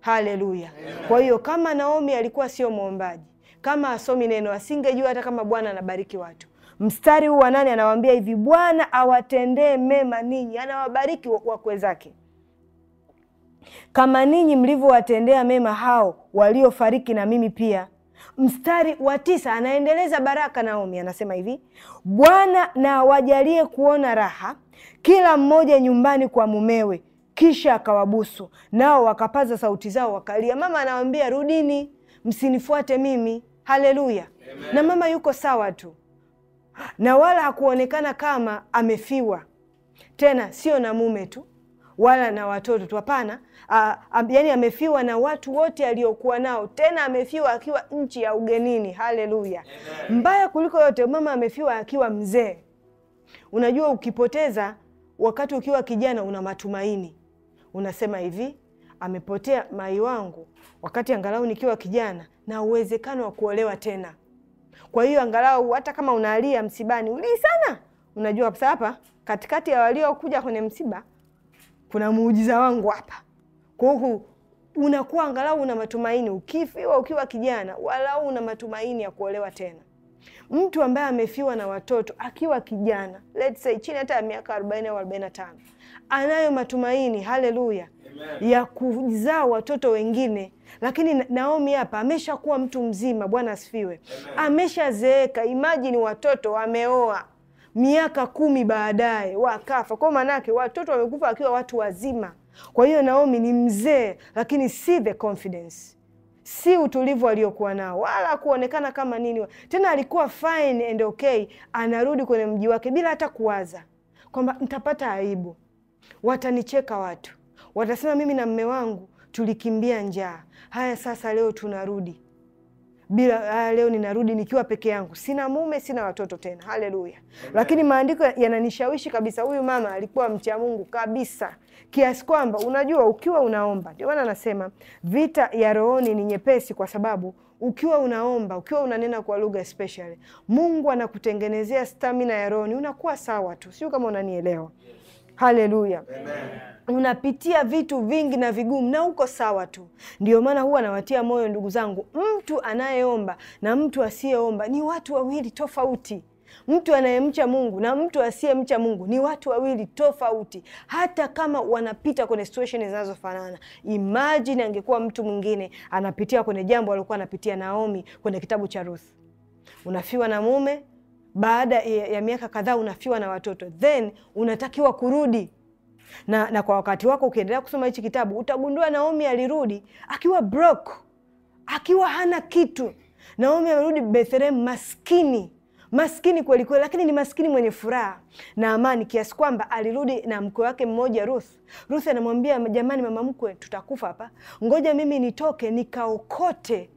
Speaker 1: Haleluya! Kwa hiyo kama Naomi alikuwa sio mwombaji, kama asomi neno, asingejua hata kama Bwana anabariki watu. Mstari huu wa nane anawaambia hivi, Bwana awatendee mema ninyi, anawabariki wakwezake kama ninyi mlivyowatendea mema hao waliofariki na mimi pia. Mstari wa tisa anaendeleza baraka Naomi, anasema hivi: Bwana na wajalie kuona raha kila mmoja nyumbani kwa mumewe. Kisha akawabusu, nao wakapaza sauti zao wakalia. Mama anawambia rudini, msinifuate mimi. Haleluya! na mama yuko sawa tu, na wala hakuonekana kama amefiwa tena, sio na mume tu wala na watoto tu, hapana, yaani amefiwa na watu wote aliokuwa nao, tena amefiwa akiwa nchi ya ugenini. Haleluya! Mbaya kuliko yote, mama amefiwa akiwa mzee. Unajua, ukipoteza wakati ukiwa kijana una matumaini, unasema hivi, amepotea mai wangu wakati angalau nikiwa kijana na uwezekano wa kuolewa tena. Kwa hiyo angalau hata kama unalia msibani, ulii sana, unajua hapa katikati ya waliokuja kwenye msiba kuna muujiza wangu hapa kwa hiyo unakuwa angalau una matumaini, ukifiwa ukiwa kijana, walau una matumaini ya kuolewa tena. Mtu ambaye amefiwa na watoto akiwa kijana, let's say chini hata ya miaka 40 au 45, anayo matumaini haleluya, ya kuzaa watoto wengine. Lakini Naomi hapa ameshakuwa mtu mzima, Bwana asifiwe, ameshazeeka. Imajini watoto wameoa miaka kumi baadaye wakafa. Kwa maana yake watoto wamekufa wakiwa watu wazima. Kwa hiyo Naomi ni mzee, lakini si the confidence, si utulivu aliokuwa nao, wala kuonekana kama nini tena. Alikuwa fine and okay, anarudi kwenye mji wake bila hata kuwaza kwamba ntapata aibu, watanicheka watu, watasema mimi na mme wangu tulikimbia njaa. Haya, sasa leo tunarudi bila ah, leo ninarudi nikiwa peke yangu, sina mume, sina watoto tena. Haleluya! Lakini maandiko yananishawishi kabisa, huyu mama alikuwa mcha Mungu kabisa, kiasi kwamba unajua, ukiwa unaomba, ndio maana anasema vita ya rohoni ni nyepesi, kwa sababu ukiwa unaomba, ukiwa unanena kwa lugha speciali, Mungu anakutengenezea stamina ya rohoni, unakuwa sawa tu, sio kama unanielewa. Haleluya! Amen unapitia vitu vingi na vigumu na uko sawa tu. Ndio maana huwa nawatia moyo ndugu zangu, mtu anayeomba na mtu asiyeomba ni watu wawili tofauti. Mtu anayemcha Mungu na mtu asiyemcha Mungu ni watu wawili tofauti, hata kama wanapita kwenye situation zinazofanana. Imagine angekuwa mtu mwingine anapitia kwenye jambo alikuwa anapitia Naomi kwenye kitabu cha Ruth. Unafiwa na mume, baada ya miaka kadhaa unafiwa na watoto, then unatakiwa kurudi na, na kwa wakati wako ukiendelea kusoma hichi kitabu utagundua Naomi alirudi akiwa broke, akiwa hana kitu. Naomi amerudi Bethlehem maskini maskini kweli kweli, lakini ni maskini mwenye furaha na amani, kiasi kwamba alirudi na mkwe wake mmoja Ruth. Ruth anamwambia jamani, mama mkwe, tutakufa hapa, ngoja mimi nitoke nikaokote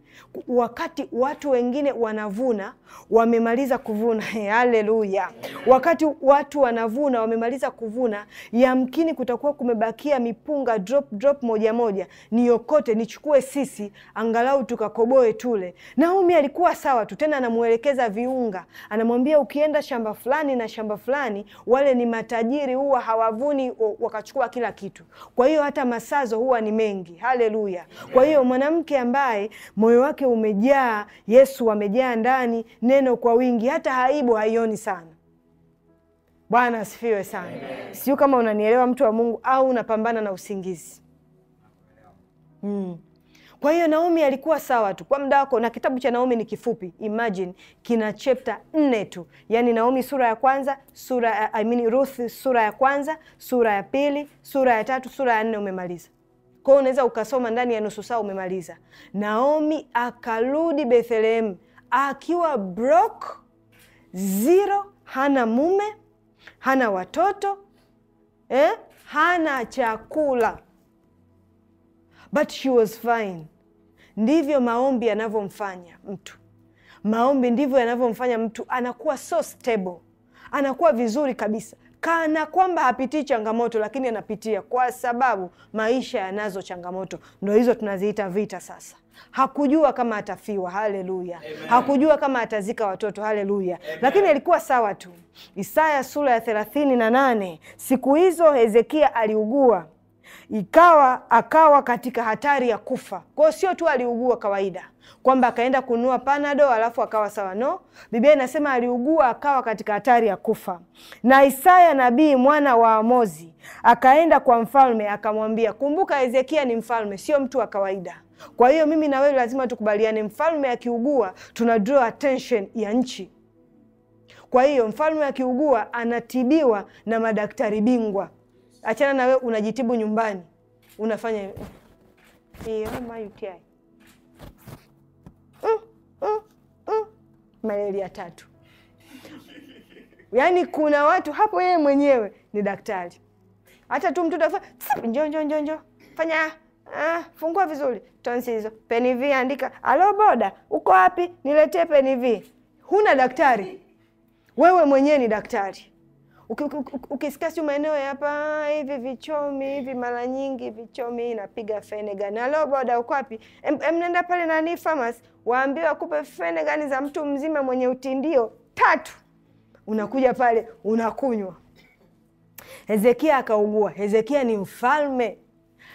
Speaker 1: wakati watu wengine wanavuna wamemaliza kuvuna. [laughs] Haleluya! wakati watu wanavuna wamemaliza kuvuna, yamkini kutakuwa kumebakia mipunga drop drop moja moja, niokote nichukue, sisi angalau tukakoboe tule. naumi alikuwa sawa tu, tena anamwelekeza viunga, anamwambia ukienda shamba fulani na shamba fulani, wale ni matajiri, huwa hawavuni wakachukua kila kitu, kwa hiyo hata masazo huwa ni mengi. Haleluya! kwa hiyo mwanamke ambaye moyo wake umejaa Yesu, amejaa ndani neno kwa wingi, hata haibu haioni sana. Bwana asifiwe sana. Sijui kama unanielewa mtu wa Mungu au unapambana na usingizi hmm. Kwa hiyo Naomi alikuwa sawa tu kwa muda wako, na kitabu cha Naomi ni kifupi, imagine kina chapter nne tu, yaani Naomi sura ya kwanza sura I mean Ruth sura ya kwanza sura ya pili sura ya tatu sura ya nne umemaliza kwao unaweza ukasoma ndani ya nusu saa umemaliza. Naomi akarudi Bethlehemu akiwa bro ziro hana mume, hana watoto eh? hana chakula, but she was fine. Ndivyo maombi yanavyomfanya mtu, maombi ndivyo yanavyomfanya mtu anakuwa so stable, anakuwa vizuri kabisa kana kwamba hapitii changamoto, lakini anapitia kwa sababu maisha yanazo changamoto. Ndo hizo tunaziita vita. Sasa hakujua kama atafiwa, haleluya. Hakujua kama atazika watoto, haleluya, lakini alikuwa sawa tu. Isaya sura ya thelathini na nane siku hizo Hezekia aliugua ikawa akawa katika hatari ya kufa. kwao sio tu aliugua kawaida, kwamba akaenda kununua panado alafu akawa sawa. No, Biblia inasema aliugua akawa katika hatari ya kufa. Na Isaya nabii mwana wa Amozi akaenda kwa mfalme akamwambia, kumbuka Hezekia ni mfalme, sio mtu wa kawaida. Kwa hiyo mimi na wewe lazima tukubaliane, mfalme akiugua tuna draw attention ya nchi. Kwa hiyo mfalme akiugua anatibiwa na madaktari bingwa. Achana na wewe unajitibu nyumbani unafanya hiyo UTI mm, mm, malaria tatu. Yaani kuna watu hapo, yeye mwenyewe ni daktari. Hata tu mtoto njoo njoo njoo njoo, fanya ah, fungua vizuri tonsi hizo, vi, andika. Alo boda, uko wapi? Niletee vi. Huna daktari, wewe mwenyewe ni daktari ukisikia si maeneo ya hapa ah, hivi vichomi hivi, mara nyingi vichomi inapiga Fenegan. Halo boda, uko wapi? Mnaenda pale ni Farmers, waambie wakupe Fenegan za mtu mzima mwenye utindio tatu, unakuja pale unakunywa. Hezekia akaugua. Hezekia ni mfalme,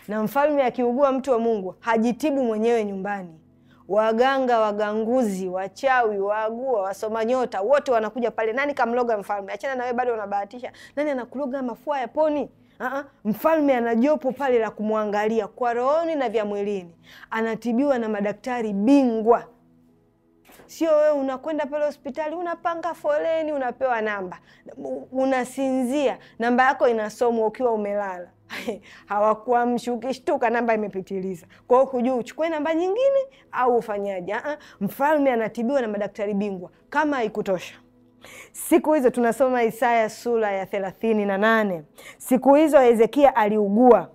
Speaker 1: na mfalme akiugua, mtu wa Mungu hajitibu mwenyewe nyumbani waganga, waganguzi, wachawi, waagua, wasoma nyota, wote wanakuja pale. Nani kamloga mfalme? Achana nawe, bado unabahatisha. Nani anakuloga mafua ya poni? Aa, mfalme ana jopo pale la kumwangalia kwa rohoni na vya mwilini, anatibiwa na madaktari bingwa. Sio wewe unakwenda pale hospitali unapanga foleni, unapewa namba, unasinzia, namba yako inasomwa ukiwa umelala. [laughs] hawakuamshi. Ukishtuka namba imepitiliza. Kwa hiyo uchukue namba nyingine au ufanyaje. Ah, ah, mfalme anatibiwa na madaktari bingwa, kama haikutosha Siku hizo tunasoma Isaya sura ya thelathini na nane. Siku hizo Hezekia aliugua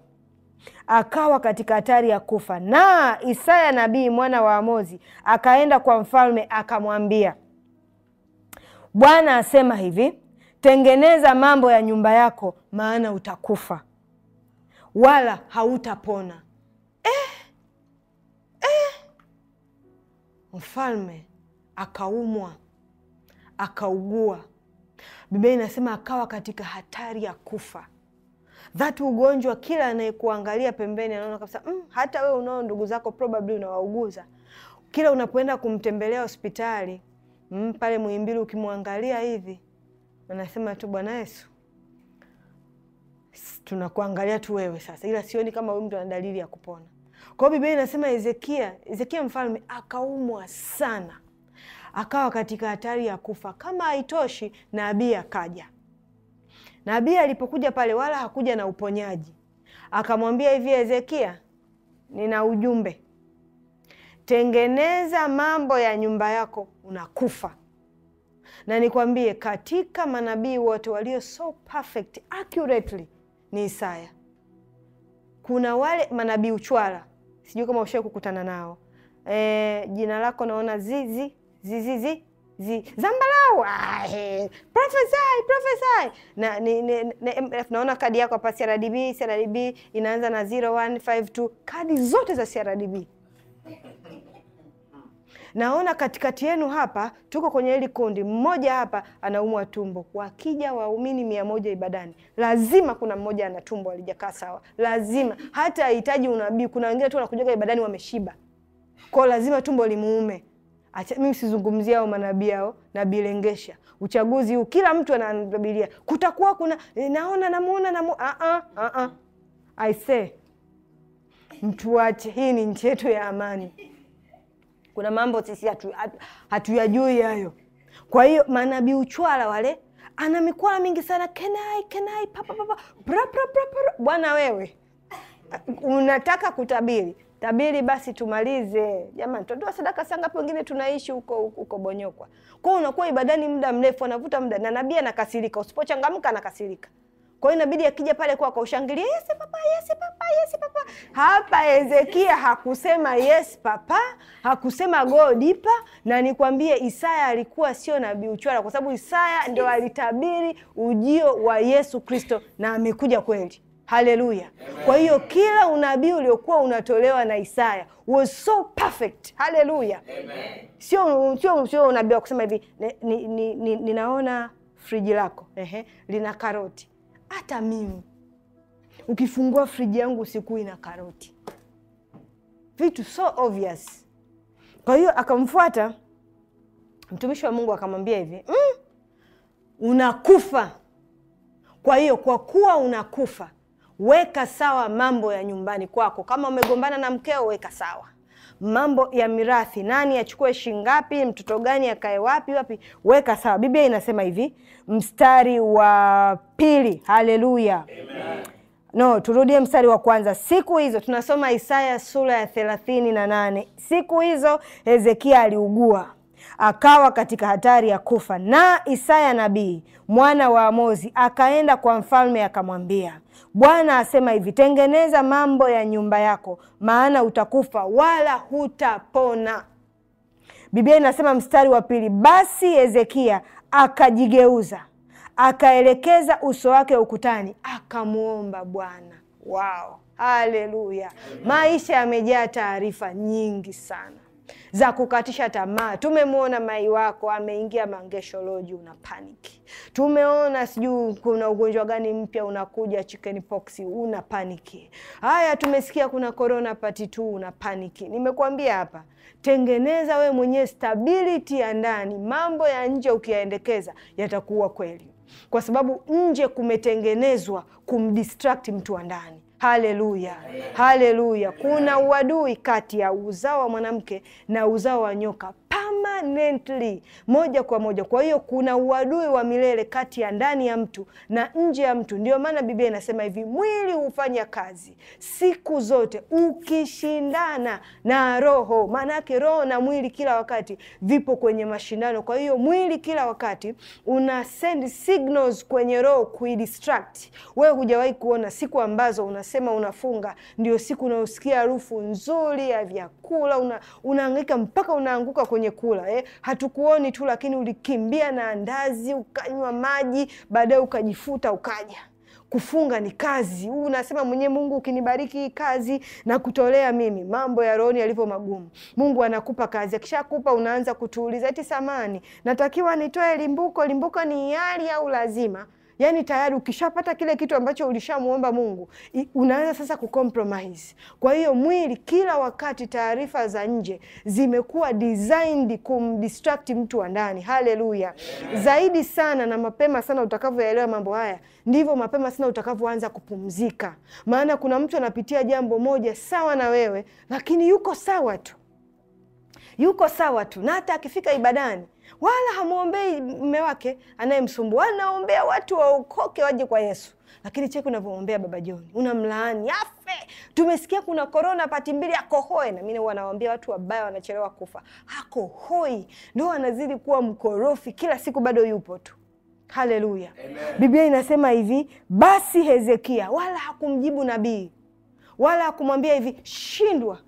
Speaker 1: akawa katika hatari ya kufa, na Isaya nabii mwana wa Amozi akaenda kwa mfalme akamwambia, Bwana asema hivi, tengeneza mambo ya nyumba yako, maana utakufa wala hautapona. Eh, eh. Mfalme akaumwa akaugua. Biblia inasema akawa katika hatari ya kufa. Dhati ugonjwa, kila anayekuangalia pembeni anaona kabisa mm, hata wewe unao ndugu zako probably unawauguza. Kila unapoenda kumtembelea hospitali mm, pale Muhimbili, ukimwangalia hivi, anasema tu Bwana Yesu, tunakuangalia tu wewe sasa, ila sioni kama huyu mtu ana dalili ya kupona. Kwa hiyo Biblia inasema Ezekia, Ezekia mfalme akaumwa sana, akawa katika hatari ya kufa. Kama haitoshi, nabii akaja. Nabii alipokuja pale, wala hakuja na uponyaji, akamwambia hivi, Hezekia, nina ujumbe, tengeneza mambo ya nyumba yako, unakufa na nikwambie, katika manabii wote walio so perfect accurately ni Isaya. Kuna wale manabii uchwala sijui kama ushawahi kukutana nao. E, jina lako naona zizi zizi zi, zi. zambalau prophesy prophesy na, ni, ni, ni, naona kadi yako hapa CRDB CRDB inaanza na 0152 kadi zote za CRDB Naona katikati yenu hapa tuko kwenye hili kundi, mmoja hapa anaumwa tumbo. Wakija waumini mia moja ibadani, lazima kuna mmoja ana tumbo alijakaa sawa, lazima hata hahitaji unabii. Kuna wengine tu wanakujaga ibadani wameshiba, kwao lazima tumbo limuume. Acha mimi sizungumzia hao manabii hao, nabii Lengesha. Uchaguzi huu kila mtu ananabilia kutakuwa kuna e, naona namuona namu a ah, a ah, a ah, a I say mtu wache hii ni nchi yetu ya amani. Kuna mambo sisi hatuyajui hayo. Kwa hiyo manabii uchwala wale ana mikwala mingi sana kenai kenai papa papa bra bra bra. Bwana wewe unataka kutabiri tabiri basi, tumalize jamani, tutoa sadaka sanga po Wengine tunaishi huko huko Bonyokwa kwao, unakuwa ibadani muda mrefu, anavuta muda na nabii anakasirika. Usipochangamka anakasirika. Kwa hiyo inabidi akija pale kwako ushangilie, yes papa, yes papa, yes papa. Hapa Hezekia hakusema yes papa, hakusema go deeper, na nikwambie Isaya alikuwa sio nabii uchwara, kwa sababu Isaya ndio alitabiri ujio wa Yesu Kristo na amekuja kweli. Haleluya! Kwa hiyo kila unabii uliokuwa unatolewa na Isaya was so perfect. Haleluya! Sio, sio, sio unabii wa kusema hivi ninaona ni, ni, ni, ni friji lako ehe, lina karoti hata mimi ukifungua friji yangu usiku ina karoti, vitu so obvious. Kwa hiyo akamfuata mtumishi wa Mungu akamwambia hivi mm, unakufa. Kwa hiyo kwa kuwa unakufa, weka sawa mambo ya nyumbani kwako. Kama umegombana na mkeo, weka sawa mambo ya mirathi, nani achukue shingapi, mtoto gani akae wapi wapi, weka sawa. Biblia inasema hivi, mstari wa pili. Haleluya, No, turudie mstari wa kwanza. Siku hizo tunasoma Isaya sura ya thelathini na nane. Siku hizo Hezekia aliugua akawa katika hatari ya kufa, na Isaya nabii mwana wa Amozi akaenda kwa mfalme akamwambia Bwana asema hivi, tengeneza mambo ya nyumba yako, maana utakufa wala hutapona. Biblia inasema mstari wa pili, basi Hezekia akajigeuza akaelekeza uso wake ukutani, akamwomba Bwana. Wao, haleluya! Maisha yamejaa taarifa nyingi sana za kukatisha tamaa. Tumemwona mai wako ameingia mangesho loji, una panic. Tumeona sijui kuna ugonjwa gani mpya unakuja, chicken pox, una panic. Haya, tumesikia kuna corona pati 2 una panic. Nimekuambia hapa, tengeneza we mwenyewe stability ya ndani. Mambo ya nje ukiyaendekeza yatakuwa kweli, kwa sababu nje kumetengenezwa kumdistract mtu wa ndani. Haleluya, haleluya! Kuna uadui kati ya uzao wa mwanamke na uzao wa nyoka permanently, moja kwa moja. Kwa hiyo kuna uadui wa milele kati ya ndani ya mtu na nje ya mtu. Ndio maana Biblia inasema hivi, mwili hufanya kazi siku zote ukishindana na roho. Maana yake roho na mwili kila wakati vipo kwenye mashindano. Kwa hiyo mwili kila wakati una send signals kwenye roho kuidistract. Wewe hujawahi kuona siku ambazo unasema unafunga ndio siku unaosikia harufu nzuri ya vyakula, unaangaika una mpaka unaanguka kwenye kwenye kula eh? Hatukuoni tu, lakini ulikimbia na andazi, ukanywa maji, baadaye ukajifuta ukaja. Kufunga ni kazi. Huu unasema mwenyewe, Mungu ukinibariki hii kazi na kutolea mimi. Mambo ya rohoni yalivyo magumu, Mungu anakupa kazi, akishakupa unaanza kutuuliza eti samani, natakiwa nitoe limbuko. Limbuko ni hali au lazima? Yaani tayari ukishapata kile kitu ambacho ulishamuomba Mungu, unaanza sasa kucompromise. Kwa hiyo mwili kila wakati taarifa za nje zimekuwa designed kumdistract mtu wa ndani. Haleluya! Zaidi sana na mapema sana utakavyoelewa mambo haya, ndivyo mapema sana utakavyoanza kupumzika. Maana kuna mtu anapitia jambo moja sawa na wewe, lakini yuko sawa tu yuko sawa tu, na hata akifika ibadani wala hamwombei mme wake anayemsumbua, anaombea watu waokoke waje kwa Yesu. Lakini cheki unavyoombea Baba Joni, unamlaani afe. Tumesikia kuna korona pati mbili, akohoe. nami mimi huwa nawaambia watu wabaya wanachelewa kufa, akohoi ndo anazidi kuwa mkorofi, kila siku bado yupo tu. Haleluya! Biblia inasema hivi, basi Hezekia wala hakumjibu nabii wala hakumwambia hivi shindwa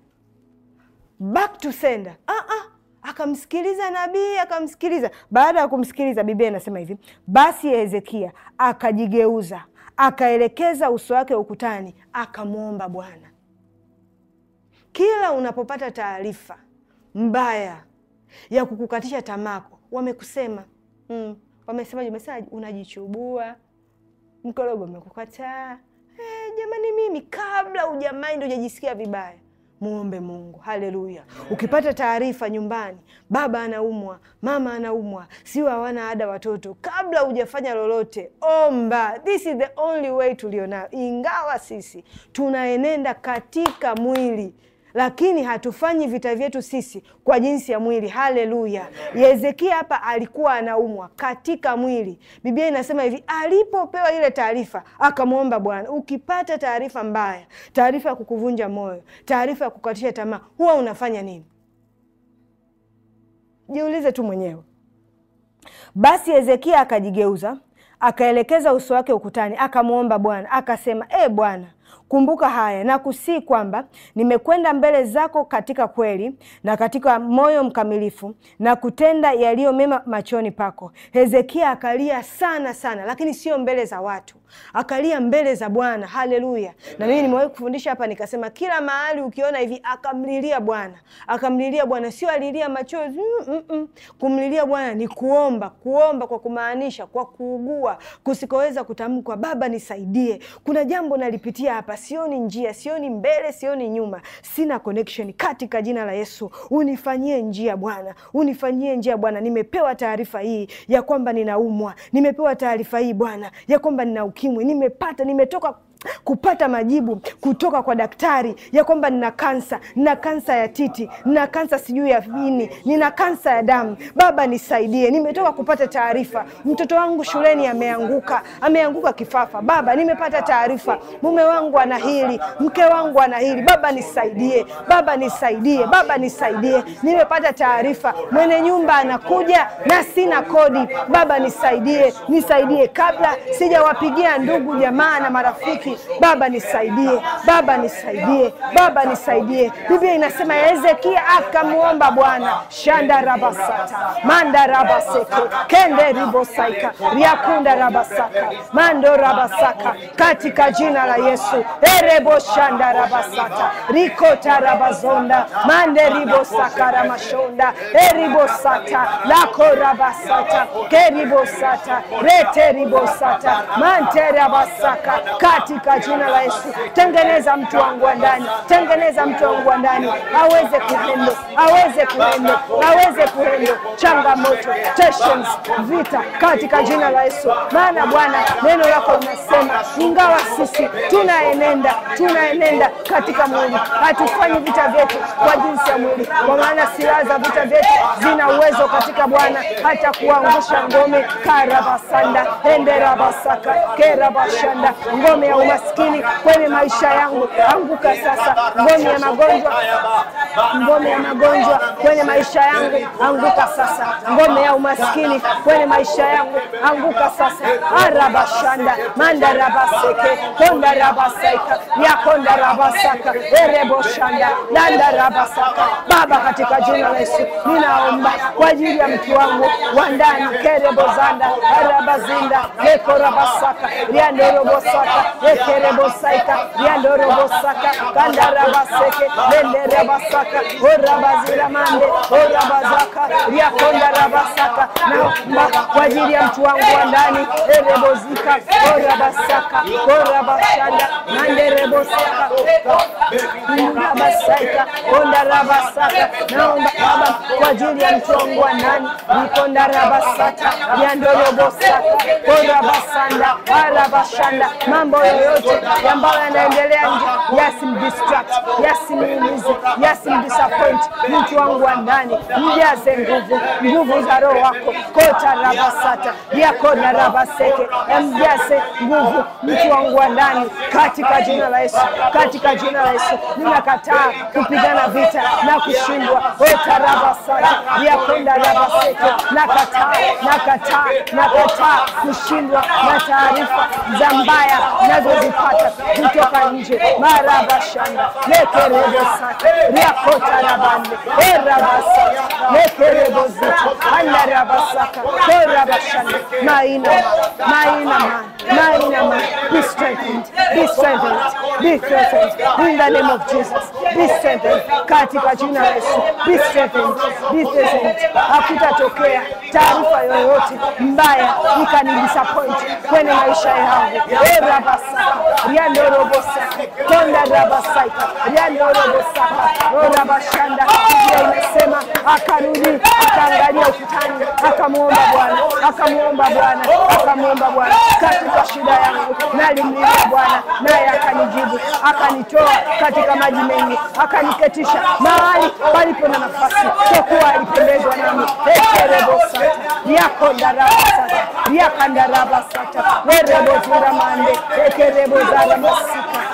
Speaker 1: back to sender. Uh -uh akamsikiliza nabii, akamsikiliza. Baada ya kumsikiliza, Biblia inasema hivi, basi Hezekia akajigeuza, akaelekeza uso wake ukutani, akamwomba Bwana. Kila unapopata taarifa mbaya ya kukukatisha tamako, wamekusema mm, wamesema jumesa, unajichubua, mkorogo amekukataa. Hey, eh, jamani, mimi kabla ujamaindi ndo ujajisikia vibaya muombe Mungu. Haleluya! Ukipata taarifa nyumbani, baba anaumwa, mama anaumwa, sio hawana ada watoto, kabla hujafanya lolote, omba. This is the only way tulionayo, ingawa sisi tunaenenda katika mwili lakini hatufanyi vita vyetu sisi kwa jinsi ya mwili. Haleluya! yezekia hapa alikuwa anaumwa katika mwili. Biblia inasema hivi, alipopewa ile taarifa akamwomba Bwana. Ukipata taarifa mbaya, taarifa ya kukuvunja moyo, taarifa ya kukatisha tamaa, huwa unafanya nini? Jiulize tu mwenyewe. Basi Hezekia akajigeuza akaelekeza uso wake ukutani, akamwomba Bwana akasema, e Bwana, Kumbuka haya na kusii kwamba nimekwenda mbele zako katika kweli na katika moyo mkamilifu na kutenda yaliyo mema machoni pako. Hezekia akalia sana sana, lakini sio mbele za watu, akalia mbele za Bwana. Haleluya! Na mimi nimewahi kufundisha hapa nikasema, kila mahali ukiona hivi, akamlilia Bwana, akamlilia Bwana, sio alilia machozi mm -mm. mm. Kumlilia Bwana ni kuomba, kuomba kwa kumaanisha, kwa kuugua kusikoweza kutamkwa. Baba nisaidie, kuna jambo nalipitia hapa sioni njia, sioni mbele, sioni nyuma, sina connection. Katika jina la Yesu unifanyie njia Bwana, unifanyie njia Bwana. Nimepewa taarifa hii ya kwamba ninaumwa, nimepewa taarifa hii Bwana ya kwamba nina ukimwi, nimepata, nimetoka kupata majibu kutoka kwa daktari ya kwamba nina kansa, nina kansa ya titi, nina kansa sijui ya vini nina kansa ya damu. Baba nisaidie, nimetoka kupata taarifa, mtoto wangu shuleni ameanguka, ameanguka kifafa. Baba nimepata taarifa, mume wangu ana hili, mke wangu ana hili. Baba nisaidie, baba nisaidie, baba nisaidie, nimepata taarifa, mwenye nyumba anakuja na sina kodi. Baba nisaidie, nisaidie kabla sijawapigia ndugu jamaa na marafiki
Speaker 2: Baba nisaidie, Baba nisaidie, Baba nisaidie. Biblia inasema Hezekia akamwomba Bwana shanda rabasata manda rabaseke kende ribosaika riakunda rabasaka mando rabasaka, katika jina la Yesu erebo shanda rabasata rikota rabazonda mande ribosaka ramashonda eribosata lako rabasata keribosata rete ribosata mante rabasaka katika katika jina la Yesu, tengeneza mtu wangu wa ndani, tengeneza mtu wangu wa ndani, aweze kuhendo, aweze kuhendo, aweze kuhendo changamoto, tensions, vita, katika jina la Yesu. Maana Bwana, neno lako unasema ingawa sisi tunaenenda, tunaenenda katika mwili, hatufanyi vita vyetu kwa jinsi ya mwili, kwa maana silaha za vita vyetu zina uwezo katika Bwana hata kuangusha ngome karabasanda enderabasaka kerabashanda ngome ya umaskini kwenye maisha yangu. Anguka sasa, ngome ya magonjwa, ngome ya magonjwa kwenye maisha yangu. Anguka sasa, ngome ya umaskini kwenye maisha yangu. Anguka sasa, arabashanda rabasaka erebo shanda ereboshanda rabasaka. Baba, katika jina la Yesu ninaomba kwa ajili ya mtu wangu wa ndani kerebozanda arabazinda lekorabasaka rianderobosaka sekere bosaka yandoro bosaka kandara baseke lendere naomba kwa ajili ya mtu wangu wa ndani erebozika ora basaka manderebosaka rabasaika konda naomba baba kwa ajili ya mtu wangu wa ndani rikonda rabasaka yandoro bosaka mambo yote yoyote ambayo yanaendelea nje, yasimdistract, yasimuumize, yasimdisappoint mtu wangu wa ndani. Mjaze nguvu, nguvu za Roho wako kota rabasata yakona rabaseke, mjaze nguvu mtu wangu wa ndani, katika jina la Yesu, katika jina la Yesu. Ninakataa kupigana vita na kushindwa, kota rabasata yakonda rabaseke, nakataa, nakataa, nakataa kushindwa na taarifa za mbaya nazo kuzipata kutoka nje marabashanda lekerebosata riakotarabande erabasata lekerebozita andarabasaka korabashanda maina maina mainama be strengthened be strengthened be strengthened in the name of Jesus be strengthened katika jina la Yesu be strengthened be strengthened hakutatokea taarifa yoyote mbaya ikani disappoint kwenye maisha yangu erabasata riando robo saka konda akarudi akaangalia ukutani akamwomba Bwana akamwomba Bwana akamwomba Bwana katika shida yangu nalimlilia Bwana naye akanijibu akanitoa katika maji mengi akaniketisha mahali palipo na nafasi kwa kuwa alipendezwa nami ekerebo sata yakondaraba sata ekere rebozada, moçada.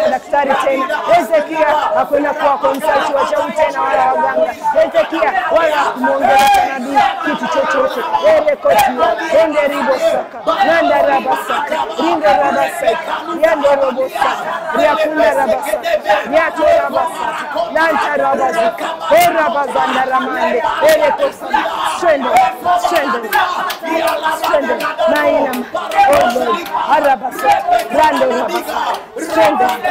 Speaker 2: daktari tena. Hezekia hakuna kuwa konsulti wachawi tena wala waganga. Hezekia wala kumwongea sanadu kitu chochote. erekotiwa ende ribosaka nanda rabasaka rinde rabasaka yando robosaka riakunda rabasaka riato rabasaka lanta rabazika erabazanda ramande erekosana strengthen strengthen strengthen nainama oh lord arabasa rando rabasa strengthen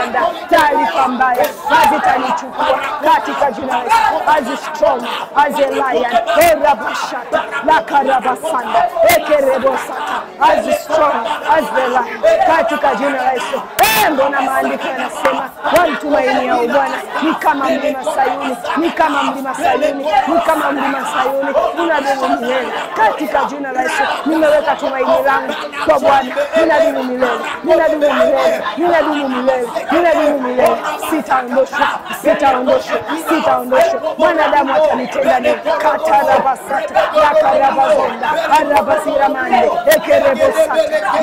Speaker 2: Uganda, taarifa mbaya hazitanichukua katika jina la Yesu. As strong as a lion, erabashata lakarabasanda ekerebosata, as strong as the lion, katika jina la Yesu. Eh, mbona maandiko yanasema ya Bwana ni kama mlima Sayuni, ni kama mlima Sayuni, ni kama mlima Sayuni unadumu milele. Katika jina la Yesu nimeweka tumaini langu kwa Bwana, ninadumu milele, ninadumu milele, ninadumu milele yule Mungu milele, sitaondoshwa, sitaondoshwa, sitaondoshwa. Mwanadamu atanitenda nini? katarabasata yakarabazonda arabasiramande ekerebosata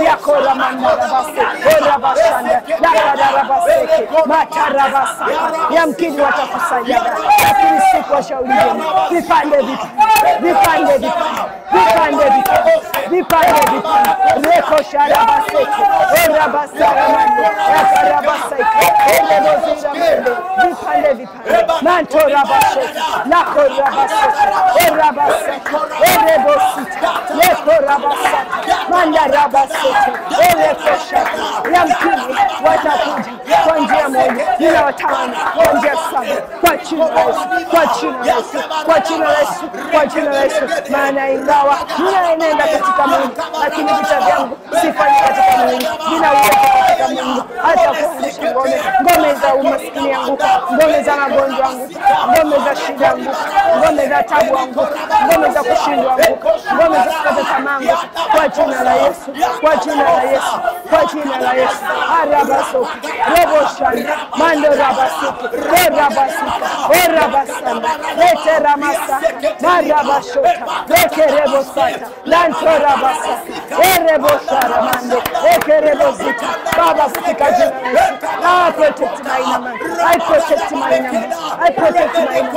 Speaker 2: yakoramandarabase orabashanda e yakararabaseke matarabasata yamkini watakusanyana, lakini siku washauri jema vipande vipi vipande vipi vipande vipi vipande vipi rekosharabaseke orabasaramandayakarabasa e vipande vipande, manto rabasheta lako kwa jina la Yesu, kwa jina la Yesu, maana ingawa mnaenenda Mungu, lakini vita vyangu sifanyi katika Mungu, ninauweka katika Mungu. Hata kuanguka ngome, ngome za umaskini yangu, ngome za magonjwa yangu, ngome za shida yangu, ngome za tabu yangu, ngome za kushindwa yangu, ngome za kukata tamaa anguka, kwa jina la Yesu, kwa jina la Yesu, kwa jina la Yesu. Arabasoki robo shanda mando rabasoki korabasika orabasanda lete ramasa marabashota lekerebo sata lantora rabasa erebo sharamande ekerebo zita baba speak against I protect my name I protect my name I protect my name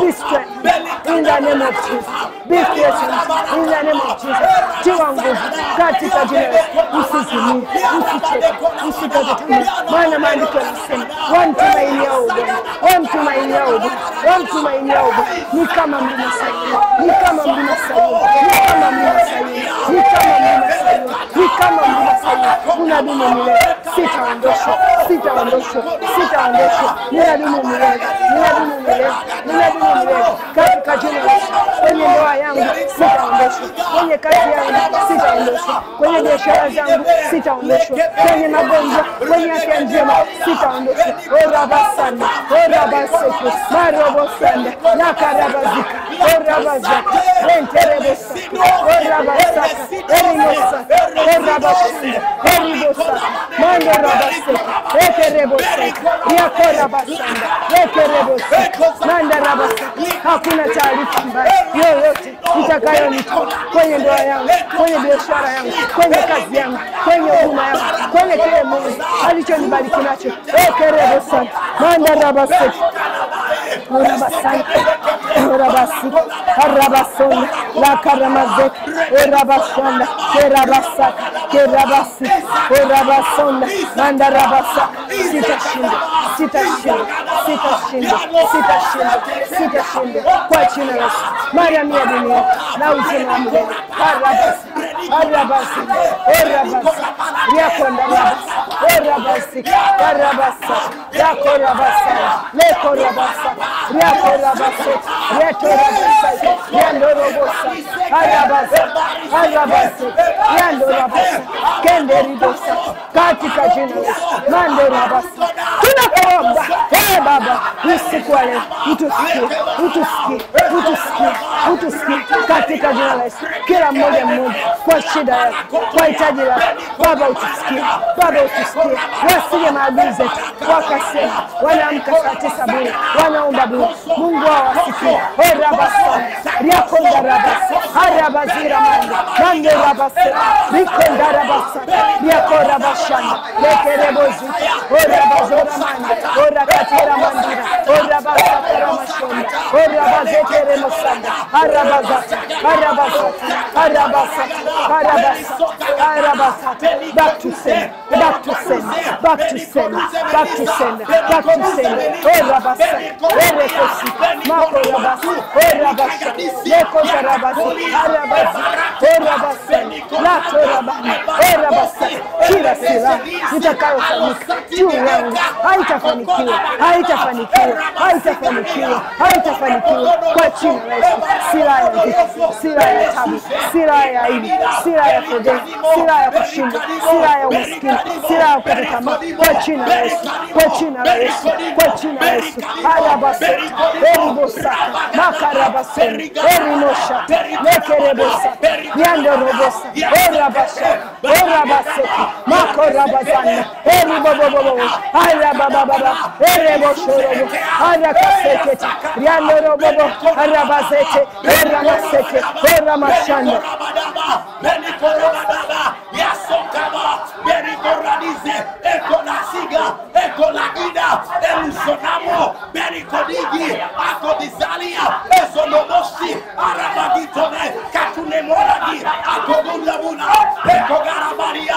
Speaker 2: be strength in the name of Jesus be strength in the name of Jesus tiwanguvu katika jina la usizini usichoke usikate tamaa maana maandiko yanasema wamtumaini yao Bwana wamtumaini yao Bwana wamtumaini yao Bwana ni kama mlima Sayuni ni kama mlima Sayuni ni kama mlima Sayuni ni kama mama, ni kama mama sana, unadumu milele. Sitaondoshwa, sitaondoshwa, sitaondoshwa, ninadumu milele, ninadumu milele, ninadumu milele katika jina la Yesu. Kwenye ndoa yangu sitaondoshwa, kwenye kazi yangu sitaondoshwa, kwenye biashara zangu sitaondoshwa, kwenye magonjwa, kwenye afya njema sitaondoshwa. Orabasanda, orabaseke, marobosanda, nakarabazika, orabazaka, renterebosaka, orabasaka Erinosa, Corabasunda, Eribosa, Mando Rabasa, Ekerebosa, Yako Rabasanda, Ekerebosa, Manda Rabasa. Hakuna taarifa mbaya yoyote itakayonitoka kwenye ndoa yangu, kwenye biashara yangu, kwenye kazi yangu, kwenye huduma yangu, kwenye kile Mungu alichonibariki nacho. Ekerebosa, Manda Rabasa, Corabasanda, Corabasunda, Corabasunda, La rabashanda kerabasaka kerabasi orabasonda manda rabasa sitashinda sitashinda sitashinda sitashinda sitashinda kwa jina la Mariam ya dunia na uzima wa milele harabasi harabasi orabasi riakonda rabasa orabasi harabasa yako rabasa leko rabasa riako rabasa Marabase, Yando Rabase, Kende Ribosa, katika jina Yesu, Mando Rabase. Tunakuomba ee Baba, usiku wa leo utusikie, utusikie, utusikie, utusikie katika jina la Yesu, kila mmoja mmoja kwa shida yake, kwa hitaji lake Baba, utusikie Baba, utusikie, wasije maadui zetu wakasema wanaamka saa tisa bure, wanaomba bure, Mungu wao wasikie. Rabasa ee riakonda rabasa rabase rikenda rabasa yakora back to center back to sender, back to sender, back to sender. Oh, oh, oh, oh Rabasa, oh Rekosi, Mako Rabasa, oh Rabasa, Leko Rabasa, Arabasa, oh Rabasa, Lato Rabasa, oh Rabasa, kila silaha itakayotamka juu yangu haitafanikiwa, haitafanikiwa, haitafanikiwa, haitafanikiwa kwa jina la Yesu. Silaha ya vifo, silaha ya tabu, silaha ya aibu, silaha ya fedheha, silaha ya kushindwa, silaha ya umaskini, silaha ya kukata tamaa kwa jina la Yesu, kwa jina la Yesu, kwa jina la Yesu. Arabasa eribosa makarabasa erinosha nekerebosa nyanderobosa erabasa orabaseki makorabazana eribobobobo arababababa ereboshorobo arakasekete riandorobobo arabazete eramaseke eramashanda Sonamo, Berikodigi, Akodizalia, Esonomosi, Arabaditone, Katunemoradi, Akogunabuna, Ekogaramaria,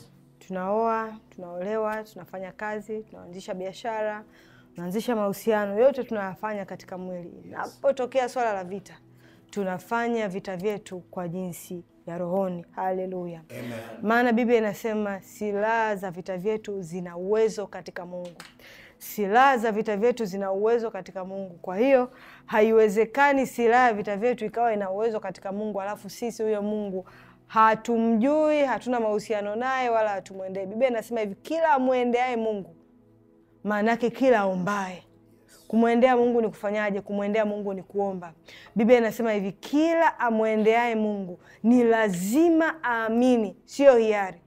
Speaker 1: tunaoa, tunaolewa, tunafanya kazi, tunaanzisha biashara, tunaanzisha mahusiano, yote tunayafanya katika mwili. Napotokea swala la vita, tunafanya vita vyetu kwa jinsi ya rohoni. Haleluya! Maana Biblia inasema silaha za vita vyetu zina uwezo katika Mungu silaha za vita vyetu zina uwezo katika Mungu. Kwa hiyo haiwezekani silaha ya vita vyetu ikawa ina uwezo katika Mungu alafu sisi huyo Mungu hatumjui, hatuna mahusiano naye wala hatumwendee. Biblia inasema hivi, kila amwendeaye Mungu, maanaake kila aombaye. Kumwendea Mungu ni kufanyaje? Kumwendea Mungu ni kuomba. Biblia inasema hivi, kila amwendeaye Mungu ni lazima aamini, siyo hiari,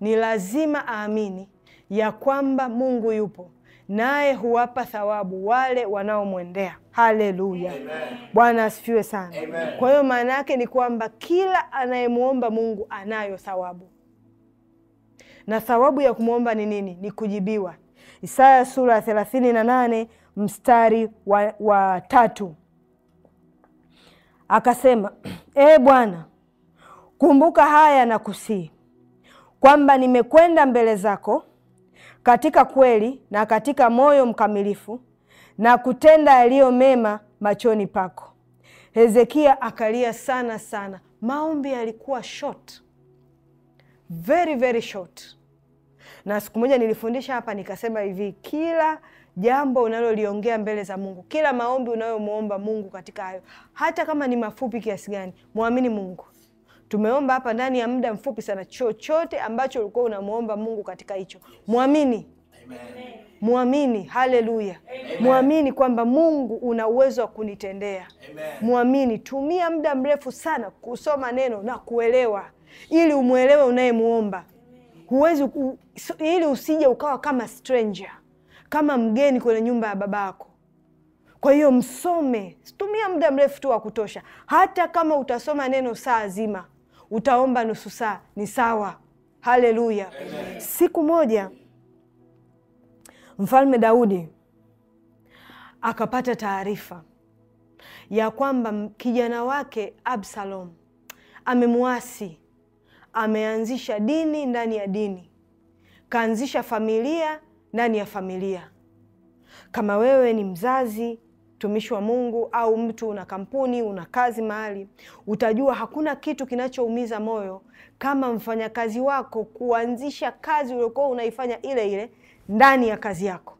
Speaker 1: ni lazima aamini ya kwamba Mungu yupo naye huwapa thawabu wale wanaomwendea. Haleluya, Bwana asifiwe sana. Kwa hiyo maana yake ni kwamba kila anayemwomba Mungu anayo thawabu, na thawabu ya kumwomba ni nini? Ni kujibiwa. Isaya sura ya thelathini na nane mstari wa, wa tatu akasema, [clears throat] e Bwana, kumbuka haya na kusii kwamba nimekwenda mbele zako katika kweli na katika moyo mkamilifu na kutenda yaliyo mema machoni pako. Hezekia akalia sana sana. Maombi yalikuwa short, very very short. Na siku moja nilifundisha hapa nikasema hivi, kila jambo unaloliongea mbele za Mungu, kila maombi unayomwomba Mungu katika hayo, hata kama ni mafupi kiasi gani, mwamini Mungu. Tumeomba hapa ndani ya muda mfupi sana, chochote ambacho ulikuwa unamwomba Mungu katika hicho, mwamini Amen. Mwamini, haleluya! Mwamini kwamba Mungu una uwezo wa kunitendea. Mwamini, tumia muda mrefu sana kusoma neno na kuelewa, ili umwelewe unayemwomba. Huwezi ili usije ukawa kama stranger, kama mgeni kwenye nyumba ya babako. Kwa hiyo msome, tumia muda mrefu tu wa kutosha. Hata kama utasoma neno saa zima, utaomba nusu saa, ni sawa. Haleluya! siku moja Mfalme Daudi akapata taarifa ya kwamba kijana wake Absalom amemwasi, ameanzisha dini ndani ya dini, kaanzisha familia ndani ya familia. Kama wewe ni mzazi, mtumishi wa Mungu, au mtu una kampuni, una kazi mahali, utajua hakuna kitu kinachoumiza moyo kama mfanyakazi wako kuanzisha kazi uliokuwa unaifanya ile ile ndani ya kazi yako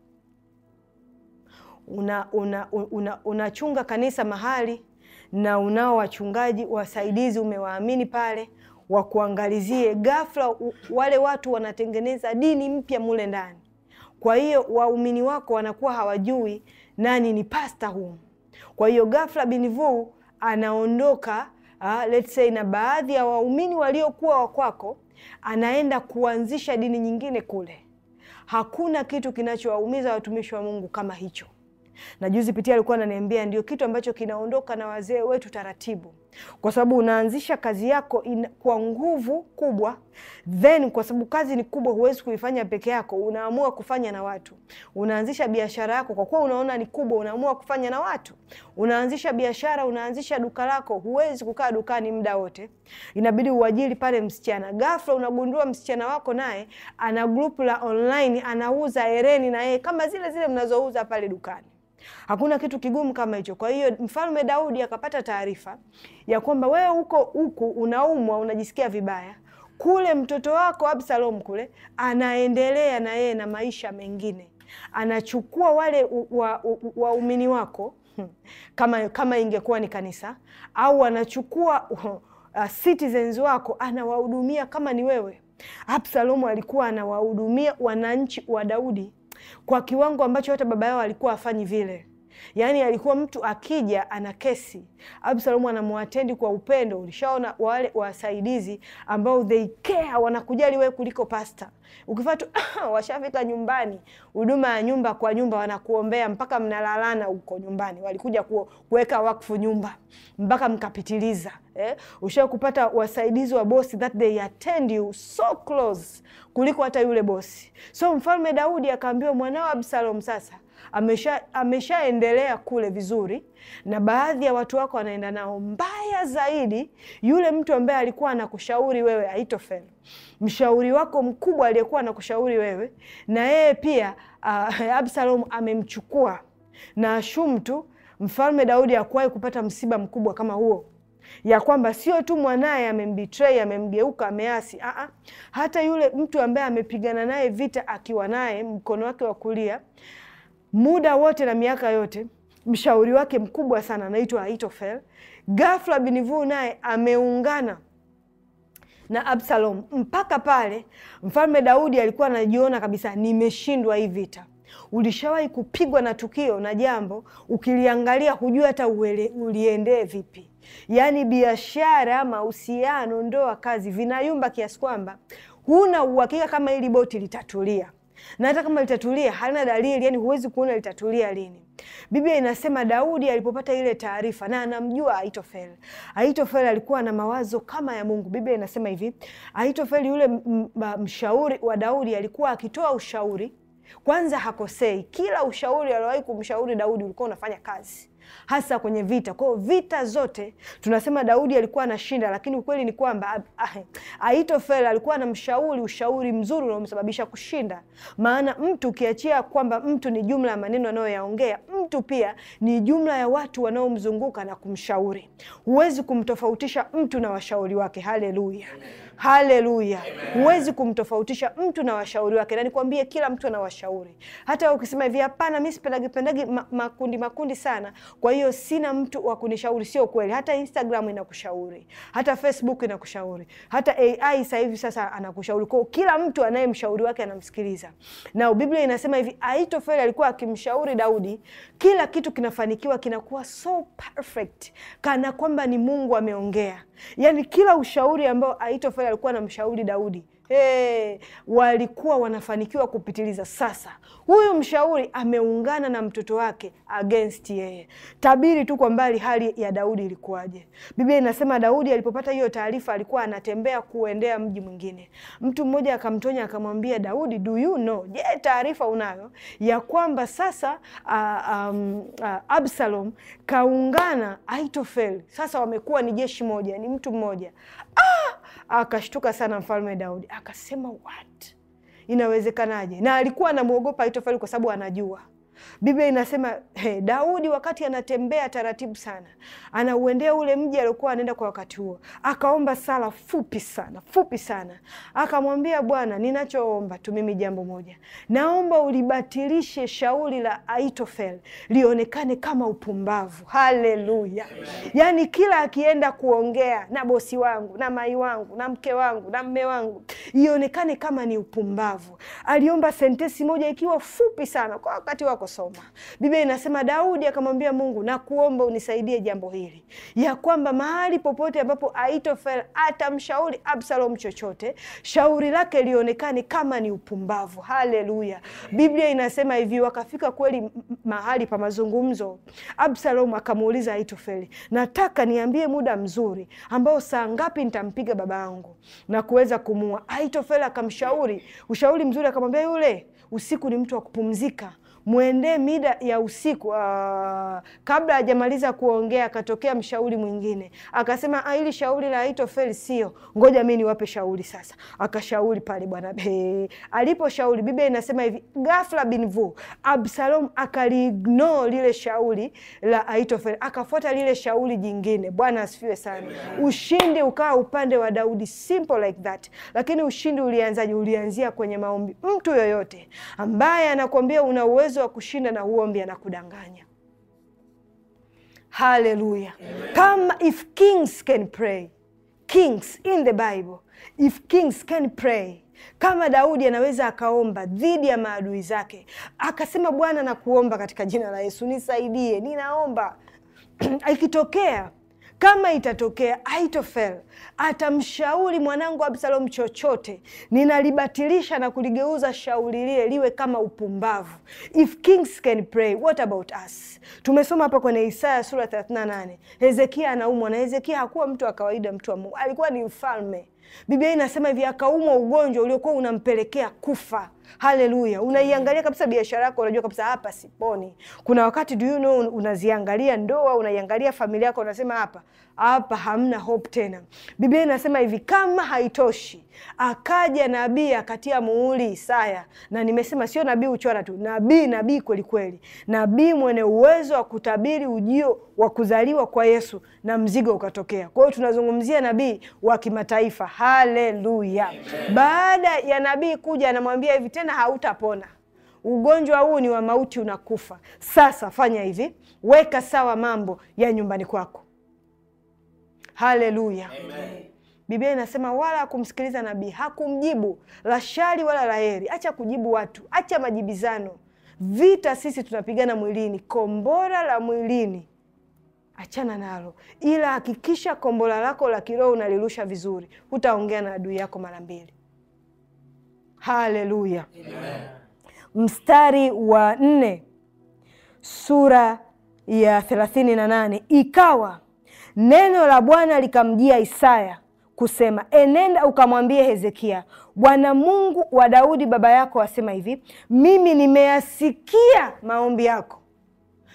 Speaker 1: unachunga una, una, una kanisa mahali na unao wachungaji wasaidizi umewaamini pale wakuangalizie. Ghafla wale watu wanatengeneza dini mpya mule ndani, kwa hiyo waumini wako wanakuwa hawajui nani ni pasta humu. Kwa hiyo ghafla binvu anaondoka uh, let's say na baadhi ya waumini waliokuwa wakwako, anaenda kuanzisha dini nyingine kule Hakuna kitu kinachowaumiza watumishi wa Mungu kama hicho. Na juzi pitia alikuwa ananiambia ndio kitu ambacho kinaondoka na wazee wetu taratibu, kwa sababu unaanzisha kazi yako in, kwa nguvu kubwa, then kwa sababu kazi ni kubwa, huwezi kuifanya peke yako, unaamua kufanya na watu. Unaanzisha biashara yako kwa kuwa unaona ni kubwa, unaamua kufanya na watu. Unaanzisha biashara, unaanzisha duka lako, huwezi kukaa dukani muda wote, inabidi uajiri pale msichana. Ghafla unagundua msichana wako naye ana grupu la online, anauza hereni na yeye kama zile zile mnazouza pale dukani. Hakuna kitu kigumu kama hicho. Kwa hiyo mfalme Daudi akapata taarifa ya kwamba wewe huko huku unaumwa, unajisikia vibaya, kule mtoto wako Absalom kule anaendelea na yeye na maisha mengine, anachukua wale waumini wa, wa wako hmm, kama, kama ingekuwa ni kanisa au anachukua uh, uh citizens wako anawahudumia kama ni wewe. Absalomu alikuwa anawahudumia wananchi wa Daudi kwa kiwango ambacho hata baba yao alikuwa afanyi vile. Yaani alikuwa mtu akija ana kesi, Absalomu anamwatendi kwa upendo. Ulishaona wale wasaidizi ambao they care, wanakujali wewe kuliko pasta. tu [coughs] washafika nyumbani, huduma ya nyumba kwa nyumba, wanakuombea mpaka mnalalana huko nyumbani. Walikuja kuweka wakfu nyumba mpaka mkapitiliza. Eh, ushawahi kupata wasaidizi wa bosi that they attend you so close kuliko hata yule bosi. So mfalme Daudi akaambiwa mwanao Absalom sasa amesha ameshaendelea kule vizuri, na baadhi ya watu wako wanaenda nao mbaya zaidi. Yule mtu ambaye alikuwa anakushauri wewe Ahithofeli, mshauri wako mkubwa aliyekuwa anakushauri wewe, na yeye pia uh, [laughs] Absalom amemchukua na Ashum tu Mfalme Daudi akuwahi kupata msiba mkubwa kama huo, ya kwamba sio tu mwanaye amembitrei, amemgeuka, ameasi. aa, ah, ah. hata yule mtu ambaye amepigana naye vita akiwa naye mkono wake wa kulia muda wote na miaka yote mshauri wake mkubwa sana anaitwa Ahithofeli. Ghafla Binivu naye ameungana na Absalom mpaka pale mfalme Daudi alikuwa anajiona kabisa, nimeshindwa hii vita. Ulishawahi kupigwa na tukio na jambo, ukiliangalia hujui hata uliendee vipi. Yaani biashara, mahusiano, ndoa, kazi vinayumba kiasi kwamba huna uhakika kama hili boti litatulia na hata kama litatulia halina dalili, yani huwezi kuona litatulia lini. Biblia inasema Daudi alipopata ile taarifa, na anamjua aitofel aitofel alikuwa na mawazo kama ya Mungu. Biblia inasema hivi, aitofel yule mshauri wa Daudi alikuwa akitoa ushauri, kwanza hakosei. Kila ushauri aliowahi kumshauri Daudi ulikuwa unafanya kazi hasa kwenye vita. Kwa vita zote tunasema Daudi alikuwa anashinda, lakini ukweli ni kwamba aitofel ah, ah, alikuwa na mshauri ushauri mzuri unaomsababisha kushinda. Maana mtu ukiachia kwamba mtu ni jumla ya maneno anayoyaongea, mtu pia ni jumla ya watu wanaomzunguka na kumshauri. Huwezi kumtofautisha mtu na washauri wake. Haleluya! Haleluya! Huwezi kumtofautisha mtu na washauri wake, na nikwambie kila mtu ana washauri. Hata ukisema hivi, hapana, mi sipendagipendagi makundi makundi sana, kwa hiyo sina mtu wa kunishauri, sio kweli. Hata Instagram inakushauri, hata Facebook inakushauri, hata AI sasa hivi sasa anakushauri. Kwa kila mtu anaye mshauri wake anamsikiliza, na Biblia inasema hivi, Aitofeli alikuwa akimshauri Daudi, kila kitu kinafanikiwa, kinakuwa so perfect, kana kwamba ni Mungu ameongea. Yani kila ushauri ambao Ahithofeli Samueli alikuwa anamshauri Daudi. Hey, walikuwa wanafanikiwa kupitiliza. Sasa huyu mshauri ameungana na mtoto wake against yeye. Tabiri tu kwa mbali hali ya Daudi ilikuwaje. Biblia inasema Daudi alipopata hiyo taarifa alikuwa anatembea kuendea mji mwingine. Mtu mmoja akamtonya akamwambia, Daudi, do you know, je, taarifa unayo ya kwamba sasa uh, um, uh, Absalom kaungana Aitofel, sasa wamekuwa ni jeshi moja, ni mtu mmoja ah! Akashtuka sana mfalme Daudi, akasema what, inawezekanaje? Na alikuwa anamwogopa Ahithofeli kwa sababu anajua Biblia inasema hey, Daudi wakati anatembea taratibu sana, anauendea ule mji aliokuwa anaenda kwa wakati huo, akaomba sala fupi sana fupi sana, akamwambia Bwana, ninachoomba tu mimi jambo moja, naomba ulibatilishe shauri la Aitofel lionekane kama upumbavu. Haleluya! Yaani kila akienda kuongea na bosi wangu na mai wangu na mke wangu na mme wangu, ionekane kama ni upumbavu. Aliomba sentensi moja ikiwa fupi sana kwa wakati wako aliposoma. Biblia inasema Daudi akamwambia Mungu, nakuomba unisaidie jambo hili, ya kwamba mahali popote ambapo aitofel atamshauri Absalom chochote, shauri lake lionekane kama ni upumbavu. Haleluya! Biblia inasema hivi, wakafika kweli mahali pa mazungumzo. Absalom akamuuliza aitofel nataka niambie muda mzuri ambao saa ngapi nitampiga baba yangu na kuweza kumua. aitofel akamshauri ushauri mzuri, akamwambia yule, usiku ni mtu wa kupumzika mwendee mida ya usiku. Aa, ah, kabla hajamaliza kuongea akatokea mshauri mwingine akasema, ah, hili shauri la ito feli sio, ngoja mi niwape shauri sasa. Akashauri pale bwana, aliposhauri, Biblia inasema hivi, ghafla binvu Absalom akaligno lile shauri la Ahithofeli akafuata lile shauri jingine. Bwana asifiwe sana. Ushindi ukawa upande wa Daudi, simple like that. Lakini ushindi ulianzaje? Ulianzia kwenye maombi. Mtu yoyote ambaye anakuambia una uwezo uwezo wa kushinda na uombi anakudanganya. Haleluya! Kama if kings can pray, kings in the Bible, if kings can pray kama Daudi anaweza akaomba dhidi ya maadui zake, akasema Bwana, nakuomba katika jina la Yesu, nisaidie, ninaomba [clears throat] ikitokea kama itatokea aitofel atamshauri mwanangu Absalom chochote, ninalibatilisha na kuligeuza shauri lile liwe kama upumbavu. If kings can pray, what about us? Tumesoma hapa kwenye Isaya sura 38. Hezekia anaumwa na Hezekia hakuwa mtu wa kawaida, mtu wa Mungu, alikuwa ni mfalme. Biblia inasema hivi, akaumwa ugonjwa uliokuwa unampelekea kufa. Haleluya. Unaiangalia kabisa biashara yako, unajua kabisa hapa siponi. Kuna wakati do you know, unaziangalia ndoa, unaiangalia familia yako, unasema hapa hapa hamna hope tena. Biblia inasema hivi, kama haitoshi, akaja nabii akatia muhuri Isaya, na nimesema sio nabii uchora tu, nabii nabii kweli kweli, nabii mwenye uwezo wa kutabiri ujio wa kuzaliwa kwa Yesu na mzigo ukatokea. Kwa hiyo tunazungumzia nabii wa kimataifa. Haleluya. Baada ya nabii kuja, anamwambia hivi tena hautapona. Ugonjwa huu ni wa mauti, unakufa. Sasa fanya hivi, weka sawa mambo ya nyumbani kwako. Haleluya, amen. Biblia inasema wala hakumsikiliza nabii, hakumjibu la shari wala la heri. Acha kujibu watu, acha majibizano. Vita sisi tunapigana mwilini, kombora la mwilini achana nalo, ila hakikisha kombora lako la kiroho unalirusha vizuri. Hutaongea na adui yako mara mbili haleluya mstari wa nne sura ya thelathini na nane ikawa neno la bwana likamjia isaya kusema enenda ukamwambie hezekia bwana mungu wa daudi baba yako asema hivi mimi nimeyasikia maombi yako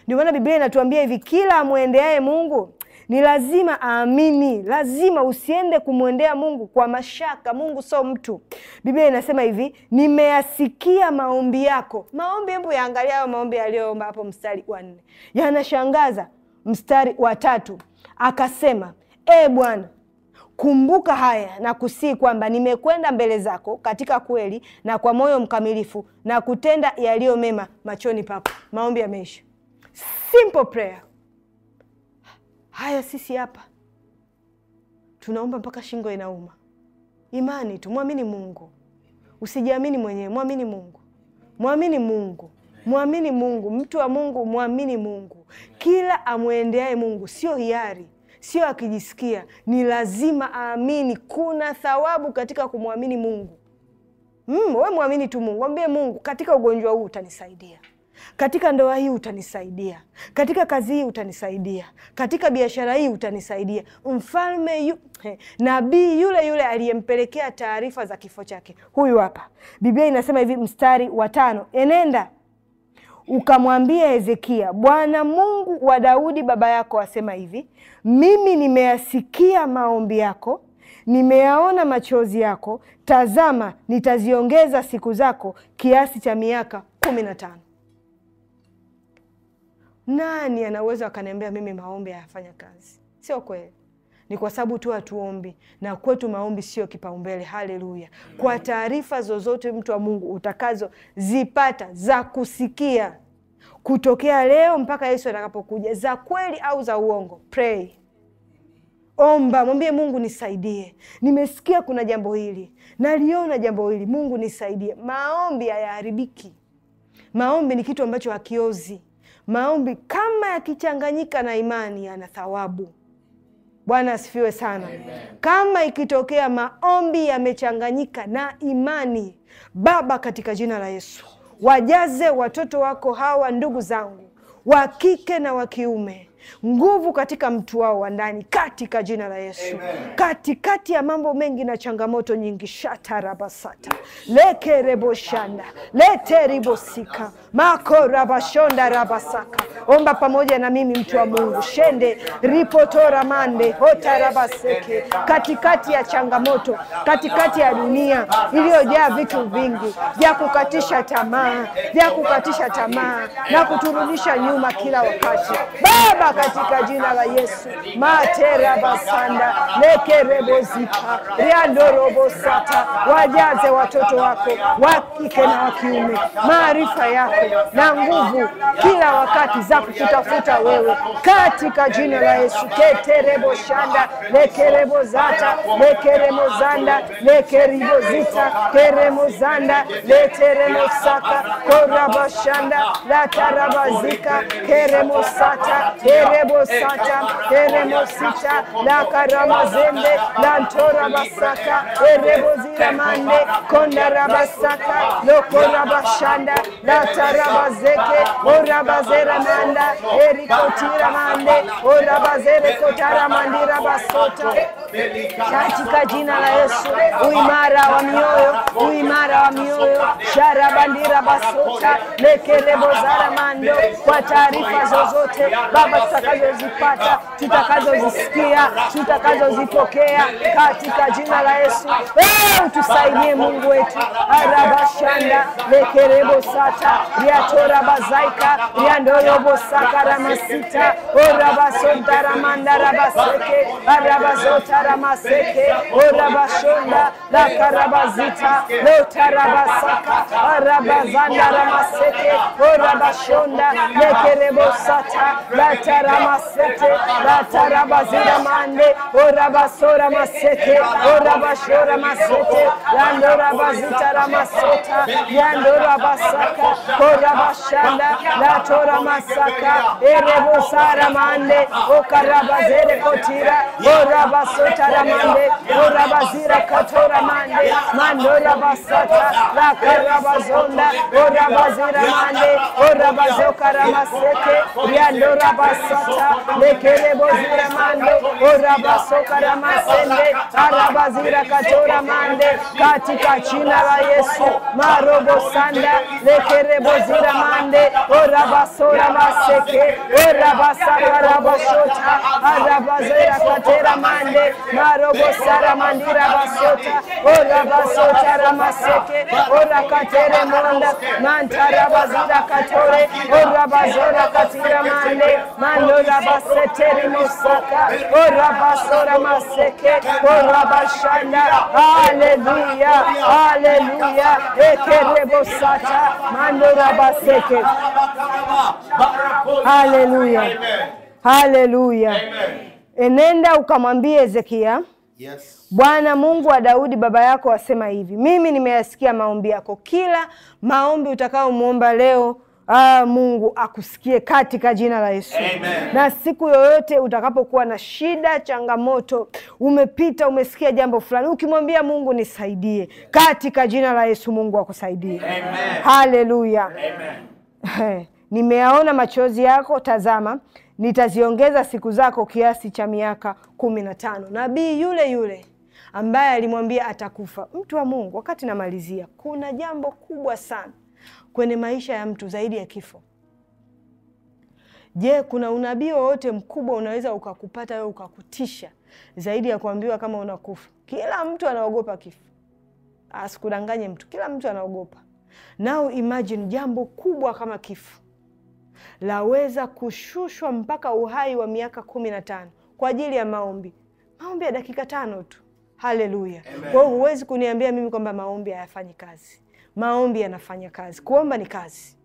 Speaker 1: ndio maana biblia inatuambia hivi kila amwendeaye mungu ni lazima aamini, lazima usiende kumwendea Mungu kwa mashaka. Mungu so mtu. Biblia inasema hivi, nimeyasikia maombi yako. Maombi, hebu yaangalia ayo maombi yaliyoomba hapo, mstari wa nne yanashangaza. Mstari wa tatu akasema, e Bwana, kumbuka haya na kusii kwamba nimekwenda mbele zako katika kweli na kwa moyo mkamilifu na kutenda yaliyo mema machoni pako. Maombi yameisha. Simple prayer. Haya, sisi hapa tunaomba mpaka shingo inauma. Imani tu, mwamini Mungu, usijiamini mwenyewe, mwamini Mungu, mwamini Mungu, mwamini Mungu. Mtu wa Mungu, mwamini Mungu. Kila amwendeaye Mungu sio hiari, sio akijisikia, ni lazima aamini. Kuna thawabu katika kumwamini Mungu. Mm, we mwamini tu Mungu, mwambie Mungu, katika ugonjwa huu utanisaidia katika ndoa hii utanisaidia, katika kazi hii utanisaidia, katika biashara hii utanisaidia. Mfalme yu, he, nabii yule yule aliyempelekea taarifa za kifo chake, huyu hapa. Biblia inasema hivi, mstari wa tano, enenda ukamwambia Hezekia, Bwana Mungu wa Daudi baba yako asema hivi, mimi nimeyasikia maombi yako nimeyaona machozi yako. Tazama, nitaziongeza siku zako kiasi cha miaka kumi na tano. Nani anaweza akaniambia mimi maombi hayafanya kazi? Sio kweli. Ni kwa sababu tu hatuombi, na kwetu maombi sio kipaumbele. Haleluya! Kwa taarifa zozote mtu wa Mungu utakazozipata za kusikia kutokea leo mpaka Yesu atakapokuja, za kweli au za uongo, pray Omba, mwambie Mungu nisaidie, nimesikia kuna jambo hili, naliona jambo hili, Mungu nisaidie. Maombi hayaharibiki, maombi ni kitu ambacho hakiozi. Maombi kama yakichanganyika na imani yana thawabu. Bwana asifiwe sana. Amen. Kama ikitokea maombi yamechanganyika na imani, Baba, katika jina la Yesu, wajaze watoto wako hawa, ndugu zangu wa kike na wa kiume nguvu katika mtu wao wa ndani katika jina la Yesu. Katikati kati ya mambo mengi na changamoto nyingi, shatarabasata lekereboshanda leteribosika mako rabashonda rabasaka. Omba pamoja na mimi mtu wa Mungu, shende ripotoramande hotarabaseke,
Speaker 2: katikati ya changamoto, katikati ya dunia iliyojaa vitu vingi vya kukatisha tamaa, vya kukatisha tamaa na kuturudisha nyuma kila wakati Baba katika jina la Yesu. matera basanda lekerebozika riandorobosata, wajaze watoto wako wa kike na wa kiume maarifa yako na nguvu kila wakati za kukutafuta wewe, katika jina la Yesu. keterebo shanda lekerebozata lekeremozanda lekeribozita keremozanda leteremosaka korabashanda latarabazika keremosata kerebo sata keremo sita la karama zende la ntora basaka erebo zira mande konda rabasaka loko rabashanda la taraba zeke orabazera manda erikotira mande orabazere kotara mandira basota katika jina la Yesu uimara wa mioyo uimara wa mioyo shara bandira basota lekerebo zara mando kwa taarifa zozote baba tutakazozipata, tutakazozisikia, tutakazozipokea katika jina la Yesu. Hey, ee, utusaidie Mungu wetu. arabashanda lekerebo sata riatorabazaika riandorobosakaramasita orabasodaramandarabaseke arabazotaramaseke orabashonda lakarabazita lotarabasaka arabazandaramaseke orabashonda lekerebosata ramasete batara bazira mande ora basora masete ora bashora masete yandora bazita ramasota yandora basaka ora bashanda la tora masaka ere bosara mande okara bazere kotira ora basota ramande ora bazira katora mande mandora basata la karabazonda ora bazira mande ora bazoka ramasete yandora basaka basata lekele bozira mande orabasokara masende arabazira katora mande katika jina la Yesu marobosanda lekele bozira mande orabasora maseke orabasakara boshota arabazira katera mande marobosara mandira basota orabasota ramaseke orakatere manda mantarabazira katore orabazora katira mande Mando rabaseteri mosaka. O rabasora maseke. O rabashanda. Hallelujah. Hallelujah. Ekerebosata. Mando rabaseke. Hallelujah.
Speaker 1: Hallelujah. Enenda ukamwambie Ezekia, Yes. Bwana Mungu wa Daudi baba yako asema hivi, mimi nimeyasikia maombi yako. Kila maombi utakaomwomba leo Ah, Mungu akusikie katika jina la Yesu. Amen. Na siku yoyote utakapokuwa na shida, changamoto, umepita, umesikia jambo fulani, ukimwambia Mungu nisaidie, katika jina la Yesu Mungu akusaidie. Amen. Haleluya. Amen. Eh, nimeyaona machozi yako, tazama nitaziongeza siku zako kiasi cha miaka kumi na tano. Nabii yule yule ambaye alimwambia atakufa, mtu wa Mungu, wakati namalizia, kuna jambo kubwa sana kwenye maisha ya mtu zaidi ya kifo? Je, kuna unabii wowote mkubwa unaweza ukakupata wewe ukakutisha zaidi ya kuambiwa kama unakufa? Kila mtu anaogopa kifo, asikudanganye mtu, kila mtu anaogopa. Now imagine jambo kubwa kama kifo laweza kushushwa mpaka uhai wa miaka kumi na tano kwa ajili ya maombi, maombi ya dakika tano tu. Haleluya! Kwa hiyo huwezi kuniambia mimi kwamba maombi hayafanyi kazi maombi yanafanya kazi. Kuomba ni kazi,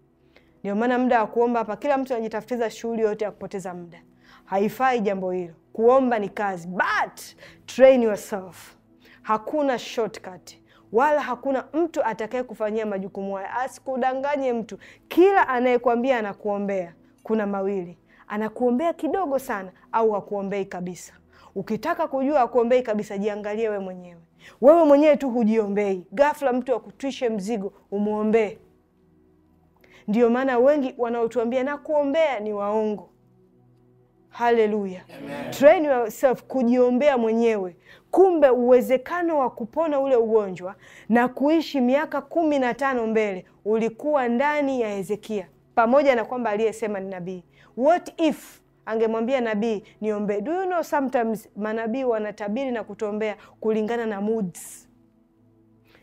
Speaker 1: ndio maana muda wa kuomba hapa, kila mtu anajitafutiza shughuli yote ya kupoteza muda. Haifai jambo hilo. Kuomba ni kazi, but train yourself. Hakuna shortcut wala hakuna mtu atakaye kufanyia majukumu haya. Asikudanganye mtu. Kila anayekwambia anakuombea, kuna mawili, anakuombea kidogo sana au hakuombei kabisa. Ukitaka kujua hakuombei kabisa, jiangalie we mwenyewe. Wewe mwenyewe tu hujiombei, ghafla mtu akutwishe mzigo umwombee. Ndiyo maana wengi wanaotuambia na kuombea ni waongo. Haleluya, train yourself kujiombea mwenyewe. Kumbe uwezekano wa kupona ule ugonjwa na kuishi miaka kumi na tano mbele ulikuwa ndani ya Hezekia, pamoja na kwamba aliyesema ni nabii. What if angemwambia nabii niombe. Do you know sometimes manabii wanatabiri na kutombea kulingana na moods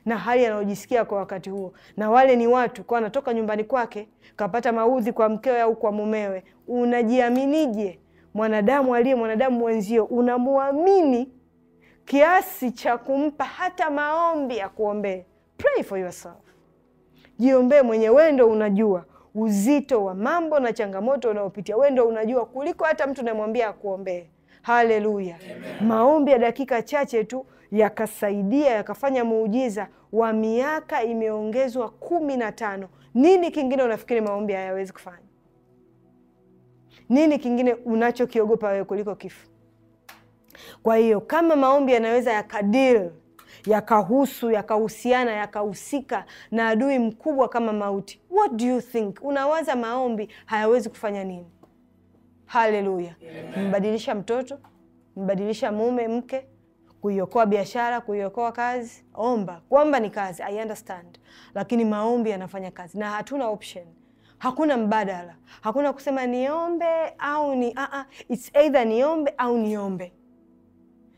Speaker 1: na hali anayojisikia kwa wakati huo, na wale ni watu kwa anatoka nyumbani kwake kapata maudhi kwa mkewe au kwa mumewe. Unajiaminije mwanadamu aliye mwanadamu mwenzio? Unamwamini kiasi cha kumpa hata maombi ya kuombea? Pray for yourself, jiombee mwenye ndo unajua uzito wa mambo na changamoto unaopitia wewe ndio unajua kuliko hata mtu namwambia akuombee. Haleluya! Maombi ya dakika chache tu yakasaidia yakafanya muujiza wa miaka imeongezwa kumi na tano. Nini kingine unafikiri maombi hayawezi kufanya? Nini kingine unachokiogopa wewe kuliko kifo? Kwa hiyo kama maombi yanaweza yakadili yakahusu, yakahusiana, yakahusika na adui mkubwa kama mauti. What do you think? Unawaza maombi hayawezi kufanya nini? Haleluya! Mbadilisha mtoto, mbadilisha mume, mke, kuiokoa biashara, kuiokoa kazi. Omba kwamba ni kazi, I understand, lakini maombi yanafanya kazi na hatuna option Hakuna mbadala, hakuna kusema niombe au ni, uh -uh. It's either niombe au niombe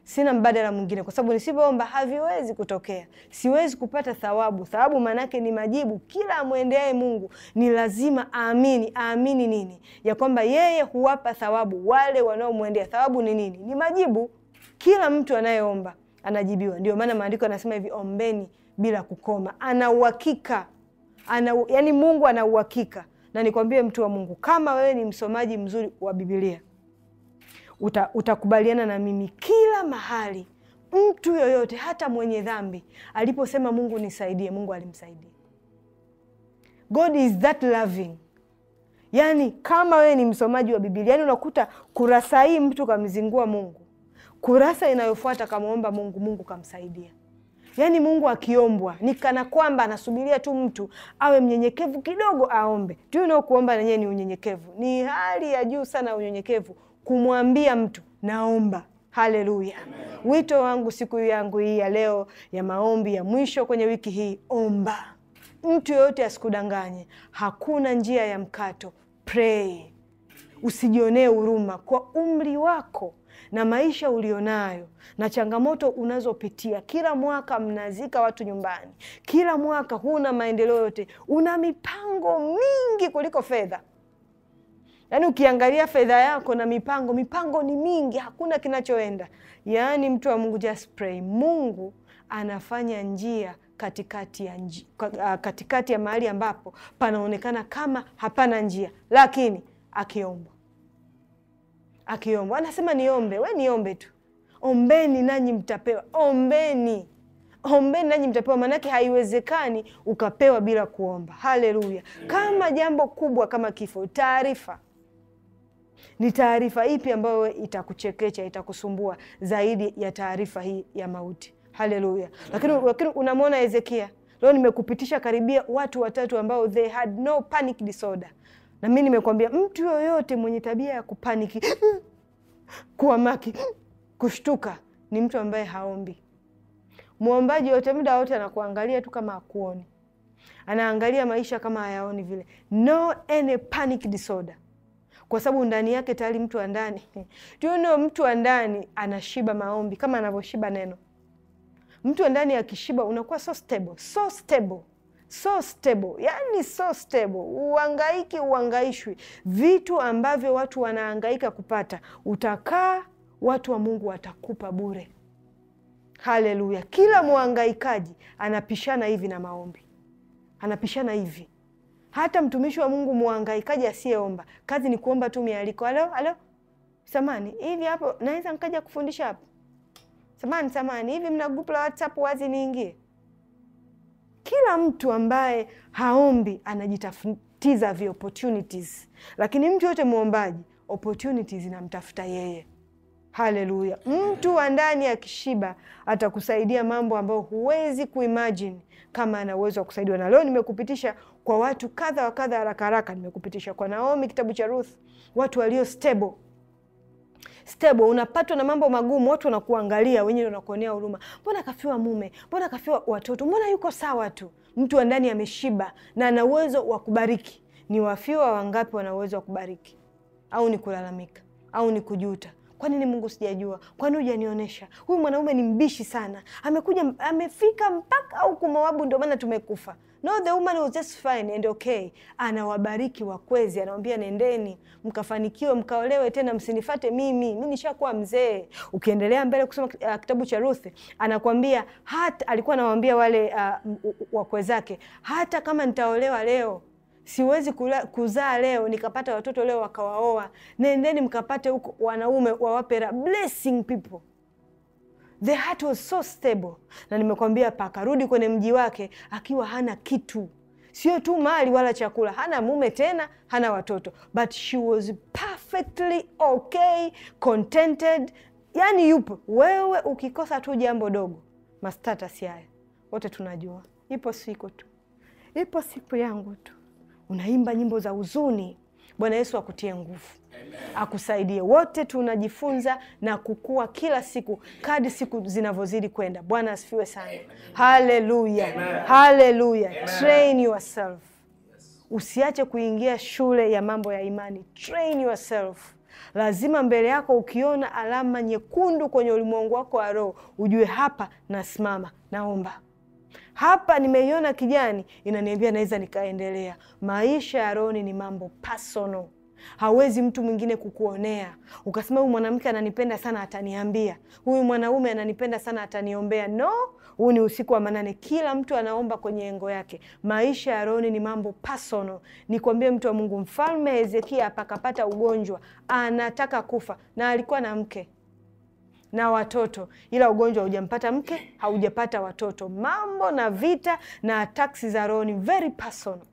Speaker 1: sina mbadala mwingine, kwa sababu nisipoomba haviwezi kutokea, siwezi kupata thawabu. Thawabu maanake ni majibu. Kila amwendeae Mungu ni lazima aamini. Aamini nini? Ya kwamba yeye huwapa thawabu wale wanaomwendea. Thawabu ni nini? Ni majibu. Kila mtu anayeomba anajibiwa. Ndio maana maandiko yanasema hivi, ombeni bila kukoma. Ana uhakika ana, yani Mungu ana uhakika. Na nikwambie mtu wa Mungu, kama wewe ni msomaji mzuri wa Biblia uta, utakubaliana na mimi kila mahali. Mtu yoyote hata mwenye dhambi aliposema Mungu nisaidie, Mungu alimsaidia. God is that loving. Yaani, kama wewe ni msomaji wa Biblia, yaani unakuta kurasa hii mtu kamzingua Mungu, kurasa inayofuata kamwomba Mungu, Mungu kamsaidia. Yaani Mungu akiombwa ni kana kwamba anasubiria tu mtu awe mnyenyekevu kidogo aombe. tu you know, kuomba ni unyenyekevu, ni hali ya juu sana unyenyekevu kumwambia mtu naomba. Haleluya! Wito wangu siku yangu hii ya leo ya maombi ya mwisho kwenye wiki hii, omba. Mtu yoyote asikudanganye, hakuna njia ya mkato. Pray, usijionee huruma kwa umri wako na maisha ulionayo na changamoto unazopitia. Kila mwaka mnazika watu nyumbani, kila mwaka huna maendeleo yote, una mipango mingi kuliko fedha. Yaani ukiangalia fedha yako na mipango, mipango ni mingi, hakuna kinachoenda. Yaani mtu wa Mungu, just pray. Mungu anafanya njia katikati ya nji, ah, katikati ya mahali ambapo panaonekana kama hapana njia, lakini akiombwa, akiombwa anasema niombe, we niombe tu, ombeni nanyi mtapewa, ombeni ombeni nanyi mtapewa. Maanake haiwezekani ukapewa bila kuomba. Haleluya! Kama jambo kubwa kama kifo, taarifa ni taarifa ipi ambayo itakuchekecha, itakusumbua zaidi ya taarifa hii ya mauti? Haleluya! Lakini lakini unamwona Hezekia leo, nimekupitisha karibia watu watatu ambao they had no panic disorder, na mi nimekwambia mtu yoyote mwenye tabia ya kupaniki maki kushtuka ni mtu ambaye haombi. Mwombaji yote muda wote anakuangalia tu kama akuoni, anaangalia maisha kama hayaoni vile. No any panic disorder kwa sababu ndani yake tayari mtu wa ndani tuno, [laughs] mtu wa ndani anashiba maombi kama anavyoshiba neno. Mtu wa ndani akishiba unakuwa so stable, so stable so stable yani, so stable, uhangaiki uhangaishwi vitu ambavyo watu wanahangaika kupata. Utakaa, watu wa Mungu watakupa bure. Haleluya! Kila mwangaikaji anapishana hivi na maombi, anapishana hivi hata mtumishi wa Mungu muhangaikaji asiyeomba, kazi ni kuomba tu mialiko. alo alo samani hivi hapo, naweza nikaja kufundisha hapo? Samani, samani hivi, mna grupu la WhatsApp wazi niingie? Kila mtu ambaye haombi anajitafutiza vi opportunities, lakini mtu yote mwombaji opportunities inamtafuta yeye. Haleluya! Mtu wa ndani ya kishiba atakusaidia mambo ambayo huwezi kuimagine kama ana uwezo wa kusaidiwa. Na leo nimekupitisha kwa watu kadha wa kadha haraka haraka. Nimekupitisha kwa Naomi, kitabu cha Ruth, watu walio stable stable. Unapatwa na mambo magumu, watu wanakuangalia, wenyewe wanakuonea huruma, mbona akafiwa mume, mbona akafiwa watoto, mbona yuko sawa tu. Mtu wa ndani ameshiba na ana uwezo wa kubariki. Ni wafiwa wangapi wana uwezo wa kubariki? Au ni kulalamika au ni kujuta? Kwa nini Mungu sijajua? Kwa nini hujanionyesha? Huyu mwanaume ni mbishi sana, amekuja amefika mpaka huku Moabu, ndio maana tumekufa. No, the woman was just fine and okay. Anawabariki wakwezi, anawambia nendeni mkafanikiwe mkaolewe tena, msinifate mimi, mi nishakuwa mzee. Ukiendelea mbele kusoma uh, kitabu cha Ruth anakwambia hata alikuwa anawambia wale uh, wakwe zake hata kama nitaolewa leo siwezi kula, kuzaa leo nikapata watoto leo wakawaoa, nendeni mkapate huko wanaume wawapera. Blessing people the heart was so stable, na nimekwambia pakarudi kwenye mji wake akiwa hana kitu, sio tu mali wala chakula, hana mume tena, hana watoto, but she was perfectly okay, contented. Yani yupo wewe, ukikosa tu jambo dogo, mastatasi haya wote tunajua, ipo siku tu, ipo siku yangu tu unaimba nyimbo za huzuni. Bwana Yesu akutie nguvu, akusaidie. Wote tunajifunza na kukua kila siku kadi siku zinavyozidi kwenda. Bwana asifiwe sana, haleluya, haleluya. Train yourself, usiache kuingia shule ya mambo ya imani. Train yourself. Lazima mbele yako ukiona alama nyekundu kwenye ulimwengu wako wa roho, ujue hapa nasimama, naomba hapa nimeiona kijani, inaniambia naweza nikaendelea. Maisha ya rohoni ni mambo personal. Hawezi mtu mwingine kukuonea ukasema huyu mwanamke ananipenda sana ataniambia, huyu mwanaume ananipenda sana ataniombea. No, huu ni usiku wa manane, kila mtu anaomba kwenye engo yake. Maisha ya rohoni ni mambo personal. Nikwambie mtu wa Mungu, mfalme Hezekia pakapata ugonjwa, anataka kufa na alikuwa na mke na watoto, ila ugonjwa haujampata mke, haujapata watoto. Mambo na vita na taksi za roho ni very personal,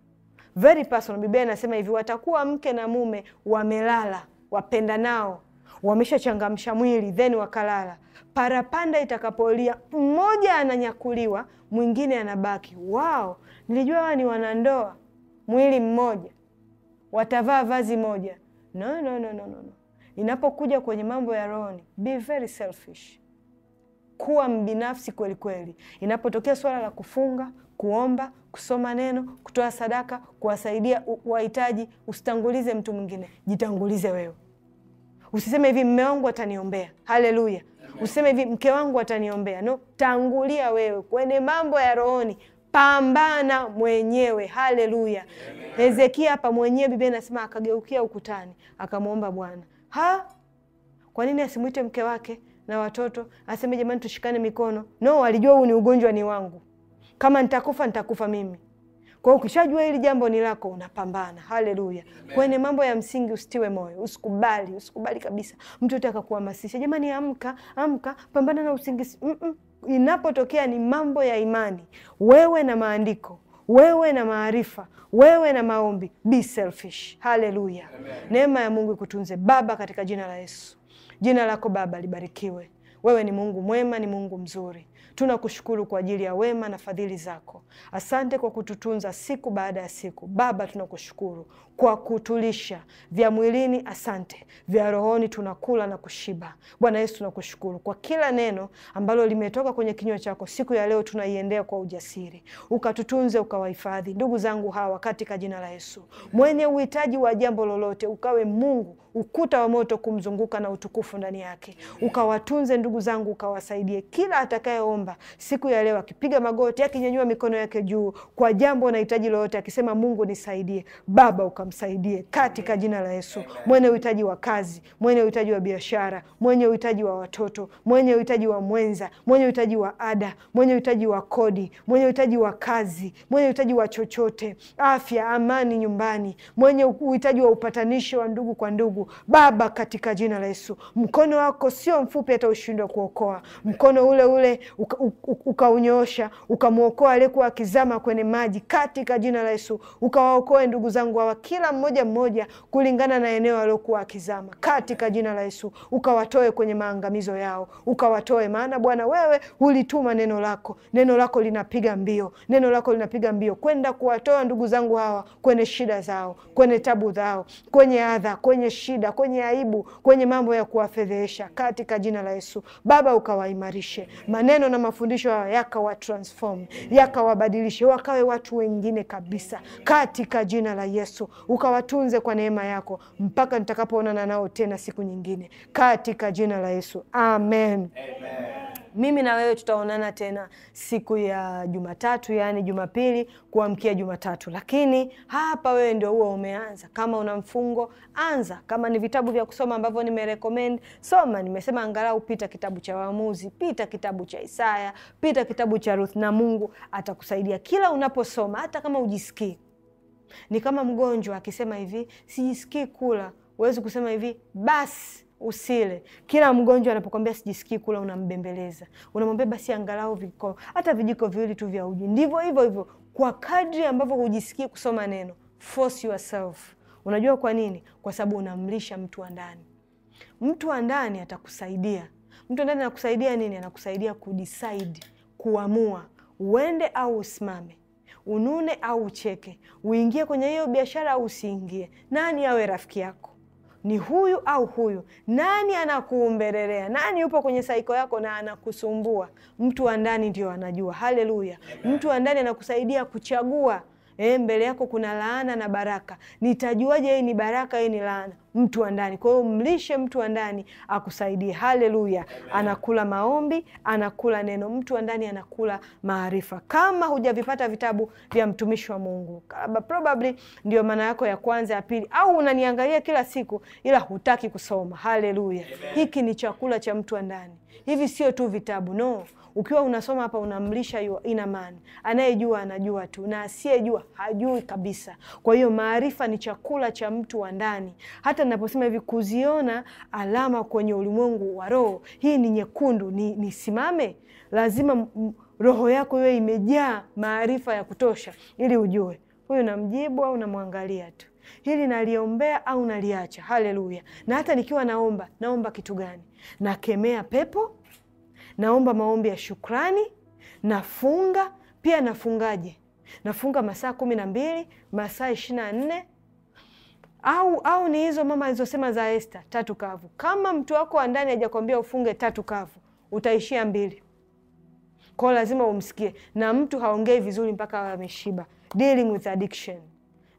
Speaker 1: very personal. Biblia inasema hivi, watakuwa mke na mume wamelala, wapenda nao wameshachangamsha mwili then wakalala. Parapanda itakapolia mmoja ananyakuliwa, mwingine anabaki. Wao nilijua hawa ni wanandoa, mwili mmoja, watavaa vazi moja. No, no, no, no, no. Inapokuja kwenye mambo ya rohoni, be very selfish, kuwa mbinafsi kweli kweli. Inapotokea swala la kufunga, kuomba, kusoma neno, kutoa sadaka, kuwasaidia wahitaji, usitangulize mtu mwingine, jitangulize wewe. Usiseme hivi mme wangu ataniombea. Haleluya! Useme hivi mke wangu ataniombea. No, tangulia wewe kwenye mambo ya rohoni, pambana mwenyewe. Haleluya! Hezekia hapa mwenyewe Biblia inasema akageukia ukutani akamwomba Bwana ha, kwa nini asimwite mke wake na watoto aseme jamani, tushikane mikono? No, alijua huu ni ugonjwa, ni wangu. Kama nitakufa nitakufa mimi. Kwa hiyo ukishajua hili jambo ni lako, unapambana. Haleluya! Kwenye mambo ya msingi usitiwe moyo, usikubali, usikubali kabisa mtu yote akakuhamasisha, jamani, amka, amka, pambana na usingizi. Mm -mm. Inapotokea ni mambo ya imani, wewe na maandiko wewe na maarifa, wewe na maombi. Be selfish. Haleluya, neema ya Mungu ikutunze. Baba, katika jina la Yesu, jina lako Baba libarikiwe. Wewe ni Mungu mwema, ni Mungu mzuri. Tunakushukuru kwa ajili ya wema na fadhili zako. Asante kwa kututunza siku baada ya siku. Baba, tunakushukuru kwa kutulisha vya mwilini, asante, vya rohoni tunakula na kushiba. Bwana Yesu, tunakushukuru kwa kila neno ambalo limetoka kwenye kinywa chako siku ya leo, tunaiendea kwa ujasiri, ukatutunze, ukawahifadhi ndugu zangu hawa katika jina la Yesu. Mwenye uhitaji wa jambo lolote, ukawe Mungu ukuta wa moto kumzunguka na utukufu ndani yake, ukawatunze ndugu zangu, ukawasaidie. Kila atakayeomba siku ya leo, akipiga magoti, akinyanyua mikono yake juu kwa jambo na hitaji lolote, akisema Mungu nisaidie, Baba uka ukamsaidie katika jina la Yesu. Mwenye uhitaji wa kazi, mwenye uhitaji wa biashara, mwenye uhitaji wa watoto, mwenye uhitaji wa mwenza, mwenye uhitaji wa ada, mwenye uhitaji wa kodi, mwenye uhitaji wa kazi, mwenye uhitaji wa chochote, afya, amani nyumbani, mwenye uhitaji wa upatanisho wa ndugu kwa ndugu, Baba, katika jina la Yesu, mkono wako sio mfupi hata ushindwe kuokoa. Mkono ule ule ukaunyoosha uka ukamwokoa aliyekuwa akizama kwenye maji katika jina la Yesu, ukawaokoe ndugu zangu hawa kila mmoja mmoja kulingana na eneo alilokuwa akizama, katika jina la Yesu, ukawatoe kwenye maangamizo yao, ukawatoe. Maana Bwana wewe ulituma neno lako, neno lako linapiga mbio, neno lako linapiga mbio kwenda kuwatoa ndugu zangu hawa kwenye shida zao, kwenye tabu zao, kwenye adha, kwenye shida, kwenye aibu, kwenye mambo ya kuwafedhehesha, katika jina la Yesu. Baba, ukawaimarishe maneno na mafundisho hayo, yakawa transform, yakawabadilishe, wakawe watu wengine kabisa, katika jina la Yesu ukawatunze kwa neema yako mpaka nitakapoonana nao tena siku nyingine, katika jina la Yesu amen, amen. Mimi na wewe tutaonana tena siku ya Jumatatu, yaani Jumapili kuamkia Jumatatu, lakini hapa wewe ndio huo umeanza. Kama una mfungo anza, kama ni vitabu vya kusoma ambavyo nimerekomend soma. Nimesema angalau pita kitabu cha Waamuzi, pita kitabu cha Isaya, pita kitabu cha Ruth na Mungu atakusaidia kila unaposoma, hata kama ujisikii ni kama mgonjwa akisema hivi sijisikii kula, huwezi kusema hivi basi usile. Kila mgonjwa anapokwambia sijisikii kula, unambembeleza, unamwambia basi angalau viko hata vijiko viwili tu vya uji. Ndivyo hivyo hivyo, kwa kadri ambavyo hujisikii kusoma neno, force yourself. Unajua kwa nini? Kwa sababu unamlisha mtu wa ndani. Mtu wa ndani atakusaidia. Mtu wa ndani anakusaidia nini? Anakusaidia kudecide, kuamua uende au usimame unune au ucheke, uingie kwenye hiyo biashara au usiingie. Nani awe rafiki yako? Ni huyu au huyu? Nani anakuumbelelea? Nani yupo kwenye saiko yako na anakusumbua? Mtu wa ndani ndio anajua. Haleluya! Mtu wa ndani anakusaidia kuchagua. E, mbele yako kuna laana na baraka. Nitajuaje hii ni baraka, hii ni laana? mtu wa ndani. Kwa hiyo mlishe mtu wa ndani akusaidie. Haleluya! Anakula maombi, anakula neno, mtu wa ndani anakula maarifa. Kama hujavipata vitabu vya mtumishi wa Mungu, probably ndio maana yako ya kwanza, ya pili, au unaniangalia kila siku ila hutaki kusoma. Haleluya! Hiki ni chakula cha mtu wa ndani. Hivi sio tu vitabu, no. Ukiwa unasoma hapa unamlisha inamani. Anayejua anajua tu na asiyejua hajui kabisa. Kwa hiyo maarifa ni chakula cha mtu wa ndani hata hata ninaposema hivi kuziona alama kwenye ulimwengu wa roho, hii ni nyekundu, ni simame lazima roho yako iwe imejaa maarifa ya kutosha, ili ujue huyu namjibu au namwangalia tu, hili naliombea au naliacha. Haleluya! Na hata nikiwa naomba, naomba kitu gani? Nakemea pepo, naomba maombi ya shukrani, nafunga pia. Nafungaje? Nafunga masaa kumi na mbili, masaa ishirini na nne au au ni hizo mama alizosema za esta tatu kavu. Kama mtu wako wa ndani hajakwambia ufunge tatu kavu, utaishia mbili. Kwa lazima umsikie, na mtu haongei vizuri mpaka ameshiba. Dealing with addiction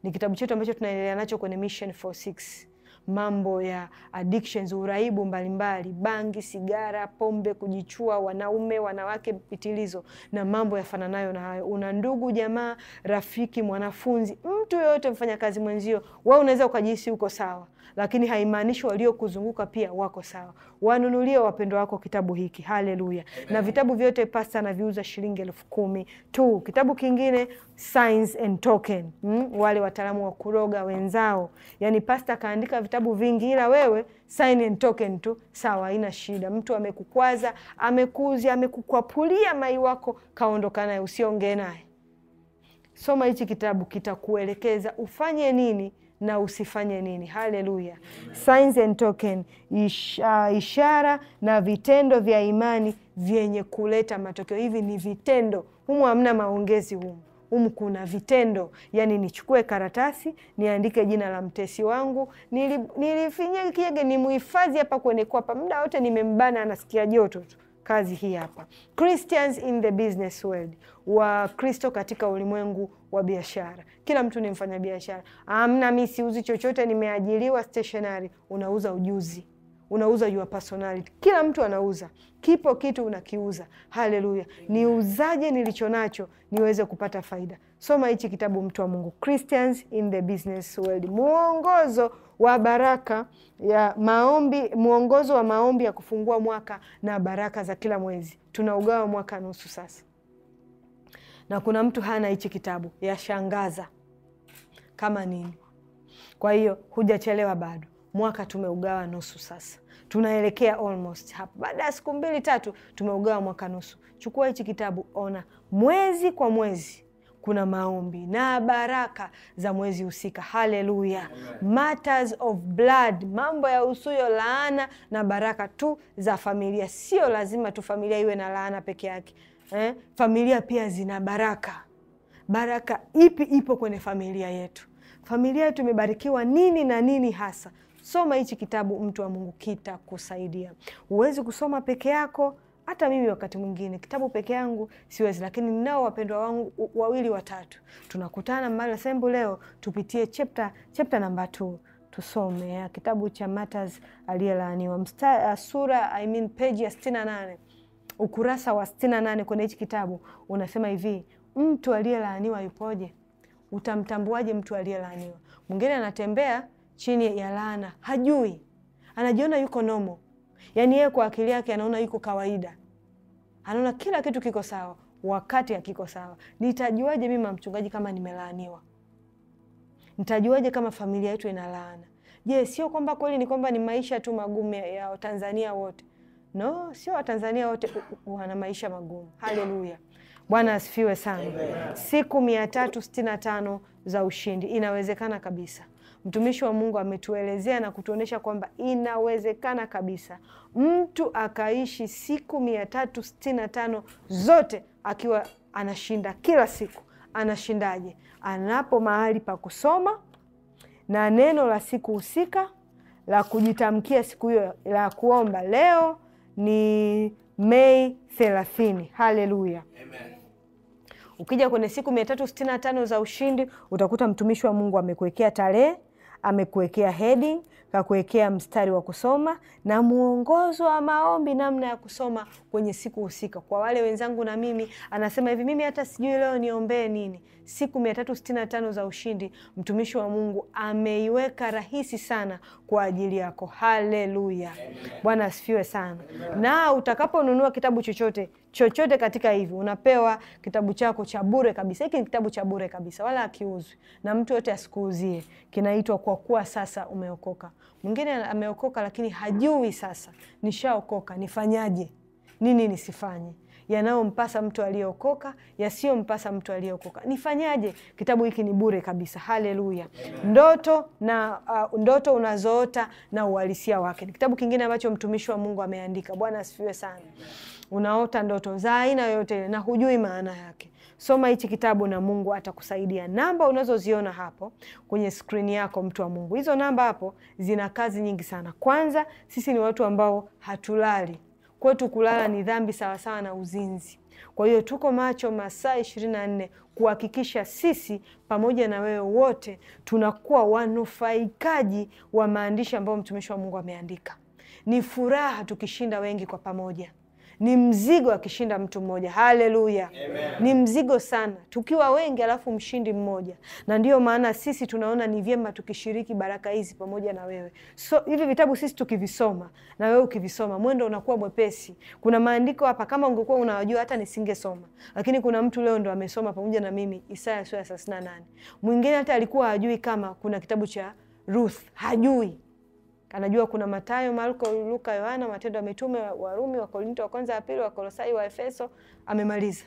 Speaker 1: ni kitabu chetu ambacho tunaendelea nacho kwenye Mission 46 mambo ya addictions, uraibu mbalimbali, bangi, sigara, pombe, kujichua, wanaume, wanawake mpitilizo na mambo yafananayo na hayo. Una ndugu, jamaa, rafiki, mwanafunzi, mtu yoyote, mfanyakazi mwenzio, wewe unaweza ukajihisi uko sawa lakini haimaanishi waliokuzunguka pia wako sawa. Wanunulie wapendwa wako kitabu hiki. Haleluya! Na vitabu vyote pasta anaviuza shilingi elfu kumi tu. Kitabu kingine Signs and Token, hmm? Wale wataalamu wa kuroga wenzao, yani pasta akaandika vitabu vingi, ila wewe sign and token tu, sawa, haina shida. Mtu amekukwaza, amekuzi, amekukwapulia mai wako, kaondoka naye, usiongee naye. Soma hichi kitabu,
Speaker 2: kitakuelekeza
Speaker 1: ufanye nini na usifanye nini. Haleluya! Signs and token, isha, ah, ishara na vitendo vya imani vyenye kuleta matokeo. Hivi ni vitendo, humu hamna maongezi, humu humu kuna vitendo. Yani nichukue karatasi niandike jina la mtesi wangu, nilifinya kiege, nimuhifadhi hapa kwenye kwapa, muda wote nimembana, anasikia joto tu kazi hii hapa. Christians in the business world, Wakristo katika ulimwengu wa biashara. Kila mtu ni biashara. Amna, mimi siuzi chochote, nimeajiriwa stationery. Unauza ujuzi, unauza your personality. Kila mtu anauza, kipo kitu unakiuza. Haleluya! Niuzaje nilicho nacho niweze kupata faida? Soma hichi kitabu, mtu wa Mungu, Christians in the Business World, mwongozo wa baraka ya maombi, mwongozo wa maombi ya kufungua mwaka na baraka za kila mwezi. Tunaugawa mwaka nusu sasa na kuna mtu hana hichi kitabu, yashangaza kama nini. Kwa hiyo hujachelewa bado, mwaka tumeugawa nusu sasa, tunaelekea almost baada ya siku mbili tatu tumeugawa mwaka nusu. Chukua hichi kitabu, ona mwezi kwa mwezi kuna maombi na baraka za mwezi husika. Haleluya! matters of blood, mambo ya usuyo, laana na baraka tu za familia. Sio lazima tu familia iwe na laana peke yake eh, familia pia zina baraka. Baraka ipi ipo kwenye familia yetu? Familia yetu imebarikiwa nini na nini hasa? Soma hichi kitabu, mtu wa Mungu, kitakusaidia. Huwezi kusoma peke yako. Hata mimi wakati mwingine kitabu peke yangu siwezi, lakini ninao wapendwa wangu wawili watatu, tunakutana Mali Assembly leo tupitie chapter, chapter namba 2 tusome kitabu cha Matters aliyelaaniwa, sura I mean page ya 68 ukurasa wa 68 kwenye hichi kitabu unasema hivi, mtu aliyelaaniwa yupoje? Utamtambuaje mtu aliyelaaniwa? Mwingine anatembea chini ya laana, hajui, anajiona yuko nomo, yaani yeye kwa akili yake anaona yuko kawaida, anaona kila kitu kiko sawa, wakati hakiko sawa. Nitajuaje mimi mchungaji kama nimelaaniwa? Nitajuaje kama familia yetu ina laana? Je, sio kwamba kweli ni kwamba ni maisha tu magumu ya Tanzania wote No, sio Watanzania wote wana maisha magumu. Haleluya, Bwana asifiwe sana. Siku mia tatu sitini na tano za ushindi, inawezekana kabisa. Mtumishi wa Mungu ametuelezea na kutuonyesha kwamba inawezekana kabisa mtu akaishi siku mia tatu sitini na tano zote akiwa anashinda kila siku. Anashindaje? Anapo mahali pa kusoma na neno la siku husika la kujitamkia siku hiyo, la kuomba leo ni Mei thelathini. Haleluya, amen. Ukija kwenye siku mia tatu tano za ushindi utakuta mtumishi wa Mungu amekuwekea tarehe, amekuwekea heading kakuwekea mstari wa kusoma na mwongozo wa maombi, namna ya kusoma kwenye siku husika. Kwa wale wenzangu na mimi, anasema hivi, mimi hata sijui leo niombee nini. Siku mia tatu sitini tano za ushindi, mtumishi wa Mungu ameiweka rahisi sana kwa ajili yako. Haleluya, Bwana asifiwe sana. Na utakaponunua kitabu chochote chochote katika hivi, unapewa kitabu chako cha bure kabisa. Hiki ni kitabu cha bure kabisa, wala akiuzwi na mtu yote asikuuzie. Kinaitwa kwa kuwa sasa umeokoka. Mwingine ameokoka lakini hajui sasa, nishaokoka nifanyaje? Nini nisifanye? Yanayompasa mtu aliyeokoka, yasiyompasa mtu aliyeokoka, nifanyaje? Kitabu hiki ni bure kabisa. Haleluya! Ndoto na uh, ndoto unazoota na uhalisia wake, ni kitabu kingine ambacho mtumishi wa Mungu ameandika. Bwana asifiwe sana unaota ndoto za aina yoyote na hujui maana yake, soma hichi kitabu na Mungu atakusaidia. Namba unazoziona hapo kwenye skrini yako, mtu wa Mungu, hizo namba hapo zina kazi nyingi sana. Kwanza, sisi ni watu ambao hatulali, kwetu kulala ni dhambi sawasawa na uzinzi. Kwa hiyo tuko macho masaa ishirini na nne kuhakikisha sisi pamoja na wewe wote tunakuwa wanufaikaji wa maandishi ambayo mtumishi wa Mungu ameandika. Ni furaha tukishinda wengi kwa pamoja ni mzigo akishinda mtu mmoja. Haleluya, ni mzigo sana tukiwa wengi, alafu mshindi mmoja. Na ndiyo maana sisi tunaona ni vyema tukishiriki baraka hizi pamoja na wewe. So hivi vitabu sisi tukivisoma na wewe ukivisoma, mwendo unakuwa mwepesi. Kuna maandiko hapa, kama ungekuwa unawajua hata nisingesoma, lakini kuna mtu leo ndo amesoma pamoja na mimi Isaya sura ya 38. Mwingine hata alikuwa hajui kama kuna kitabu cha Ruth, hajui anajua kuna Mathayo, Marko, Luka, Yohana, Matendo ya Mitume, Warumi, Wakorinto wa kwanza, wa pili, Wakolosai, wa Efeso, amemaliza.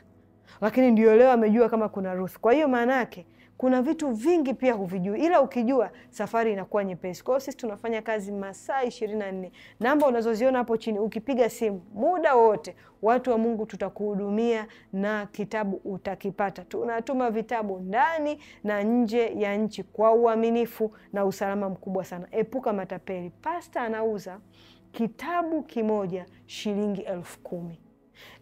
Speaker 1: Lakini ndio leo amejua kama kuna Ruth. Kwa hiyo maana yake kuna vitu vingi pia huvijui, ila ukijua safari inakuwa nyepesi. Kwa hiyo sisi tunafanya kazi masaa ishirini na nne. Namba unazoziona hapo chini, ukipiga simu muda wote, watu wa Mungu tutakuhudumia na kitabu utakipata. Tunatuma vitabu ndani na nje ya nchi kwa uaminifu na usalama mkubwa sana. Epuka matapeli. Pasta anauza kitabu kimoja shilingi elfu kumi.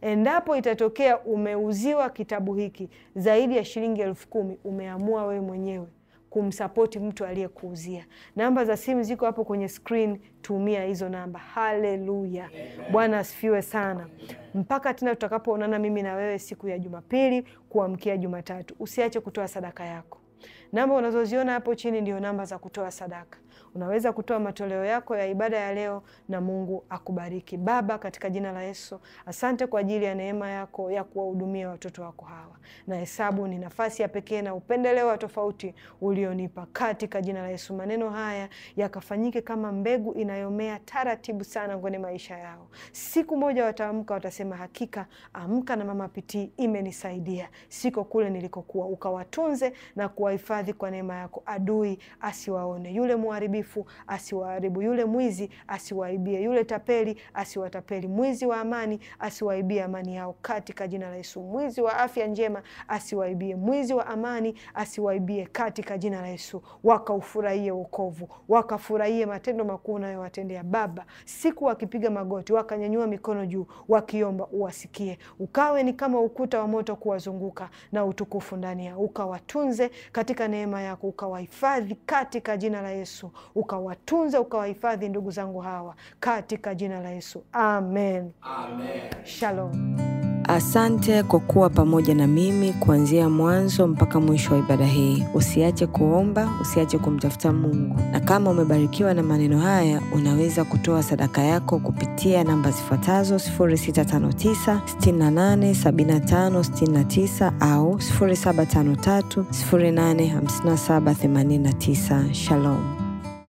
Speaker 1: Endapo itatokea umeuziwa kitabu hiki zaidi ya shilingi elfu kumi, umeamua wewe mwenyewe kumsapoti mtu aliyekuuzia. Namba za simu ziko hapo kwenye skrin tumia hizo namba. Haleluya, Bwana asifiwe sana. Mpaka tena tutakapoonana mimi na wewe siku ya Jumapili kuamkia Jumatatu, usiache kutoa sadaka yako. Namba unazoziona hapo chini ndio namba za kutoa sadaka. Unaweza kutoa matoleo yako ya ibada ya leo na Mungu akubariki. Baba, katika jina la Yesu, asante kwa ajili ya neema yako ya kuwahudumia watoto wako hawa, na hesabu ni nafasi ya pekee na upendeleo wa tofauti ulionipa. Katika jina la Yesu, maneno haya yakafanyike kama mbegu inayomea taratibu sana kwenye maisha yao. Siku moja wataamka, watasema hakika Amka na Mama Pitii imenisaidia, siko kule nilikokuwa. Ukawatunze na kuwahifadhi kwa neema yako, adui asiwaone, yule mharibifu mwaminifu asiwaharibu, yule mwizi asiwaibie, yule tapeli asiwatapeli, mwizi wa amani asiwaibie amani yao katika jina la Yesu, mwizi wa afya njema asiwaibie, mwizi wa amani asiwaibie katika jina la Yesu, wakaufurahie wokovu, wakafurahie matendo makuu unayowatendea Baba. Siku wakipiga magoti, wakanyanyua mikono juu, wakiomba, uwasikie, ukawe ni kama ukuta wa moto kuwazunguka na utukufu ndani yao, ukawatunze katika neema yako, ukawahifadhi katika jina la Yesu, ukawatunza ukawahifadhi ndugu zangu hawa katika jina la Yesu, amen, amen. Shalom. Asante kwa kuwa pamoja na mimi kuanzia mwanzo mpaka mwisho wa ibada hii. Usiache kuomba, usiache kumtafuta Mungu, na kama umebarikiwa na maneno haya, unaweza kutoa sadaka yako kupitia namba zifuatazo 0659687569 au 0753085789. Shalom.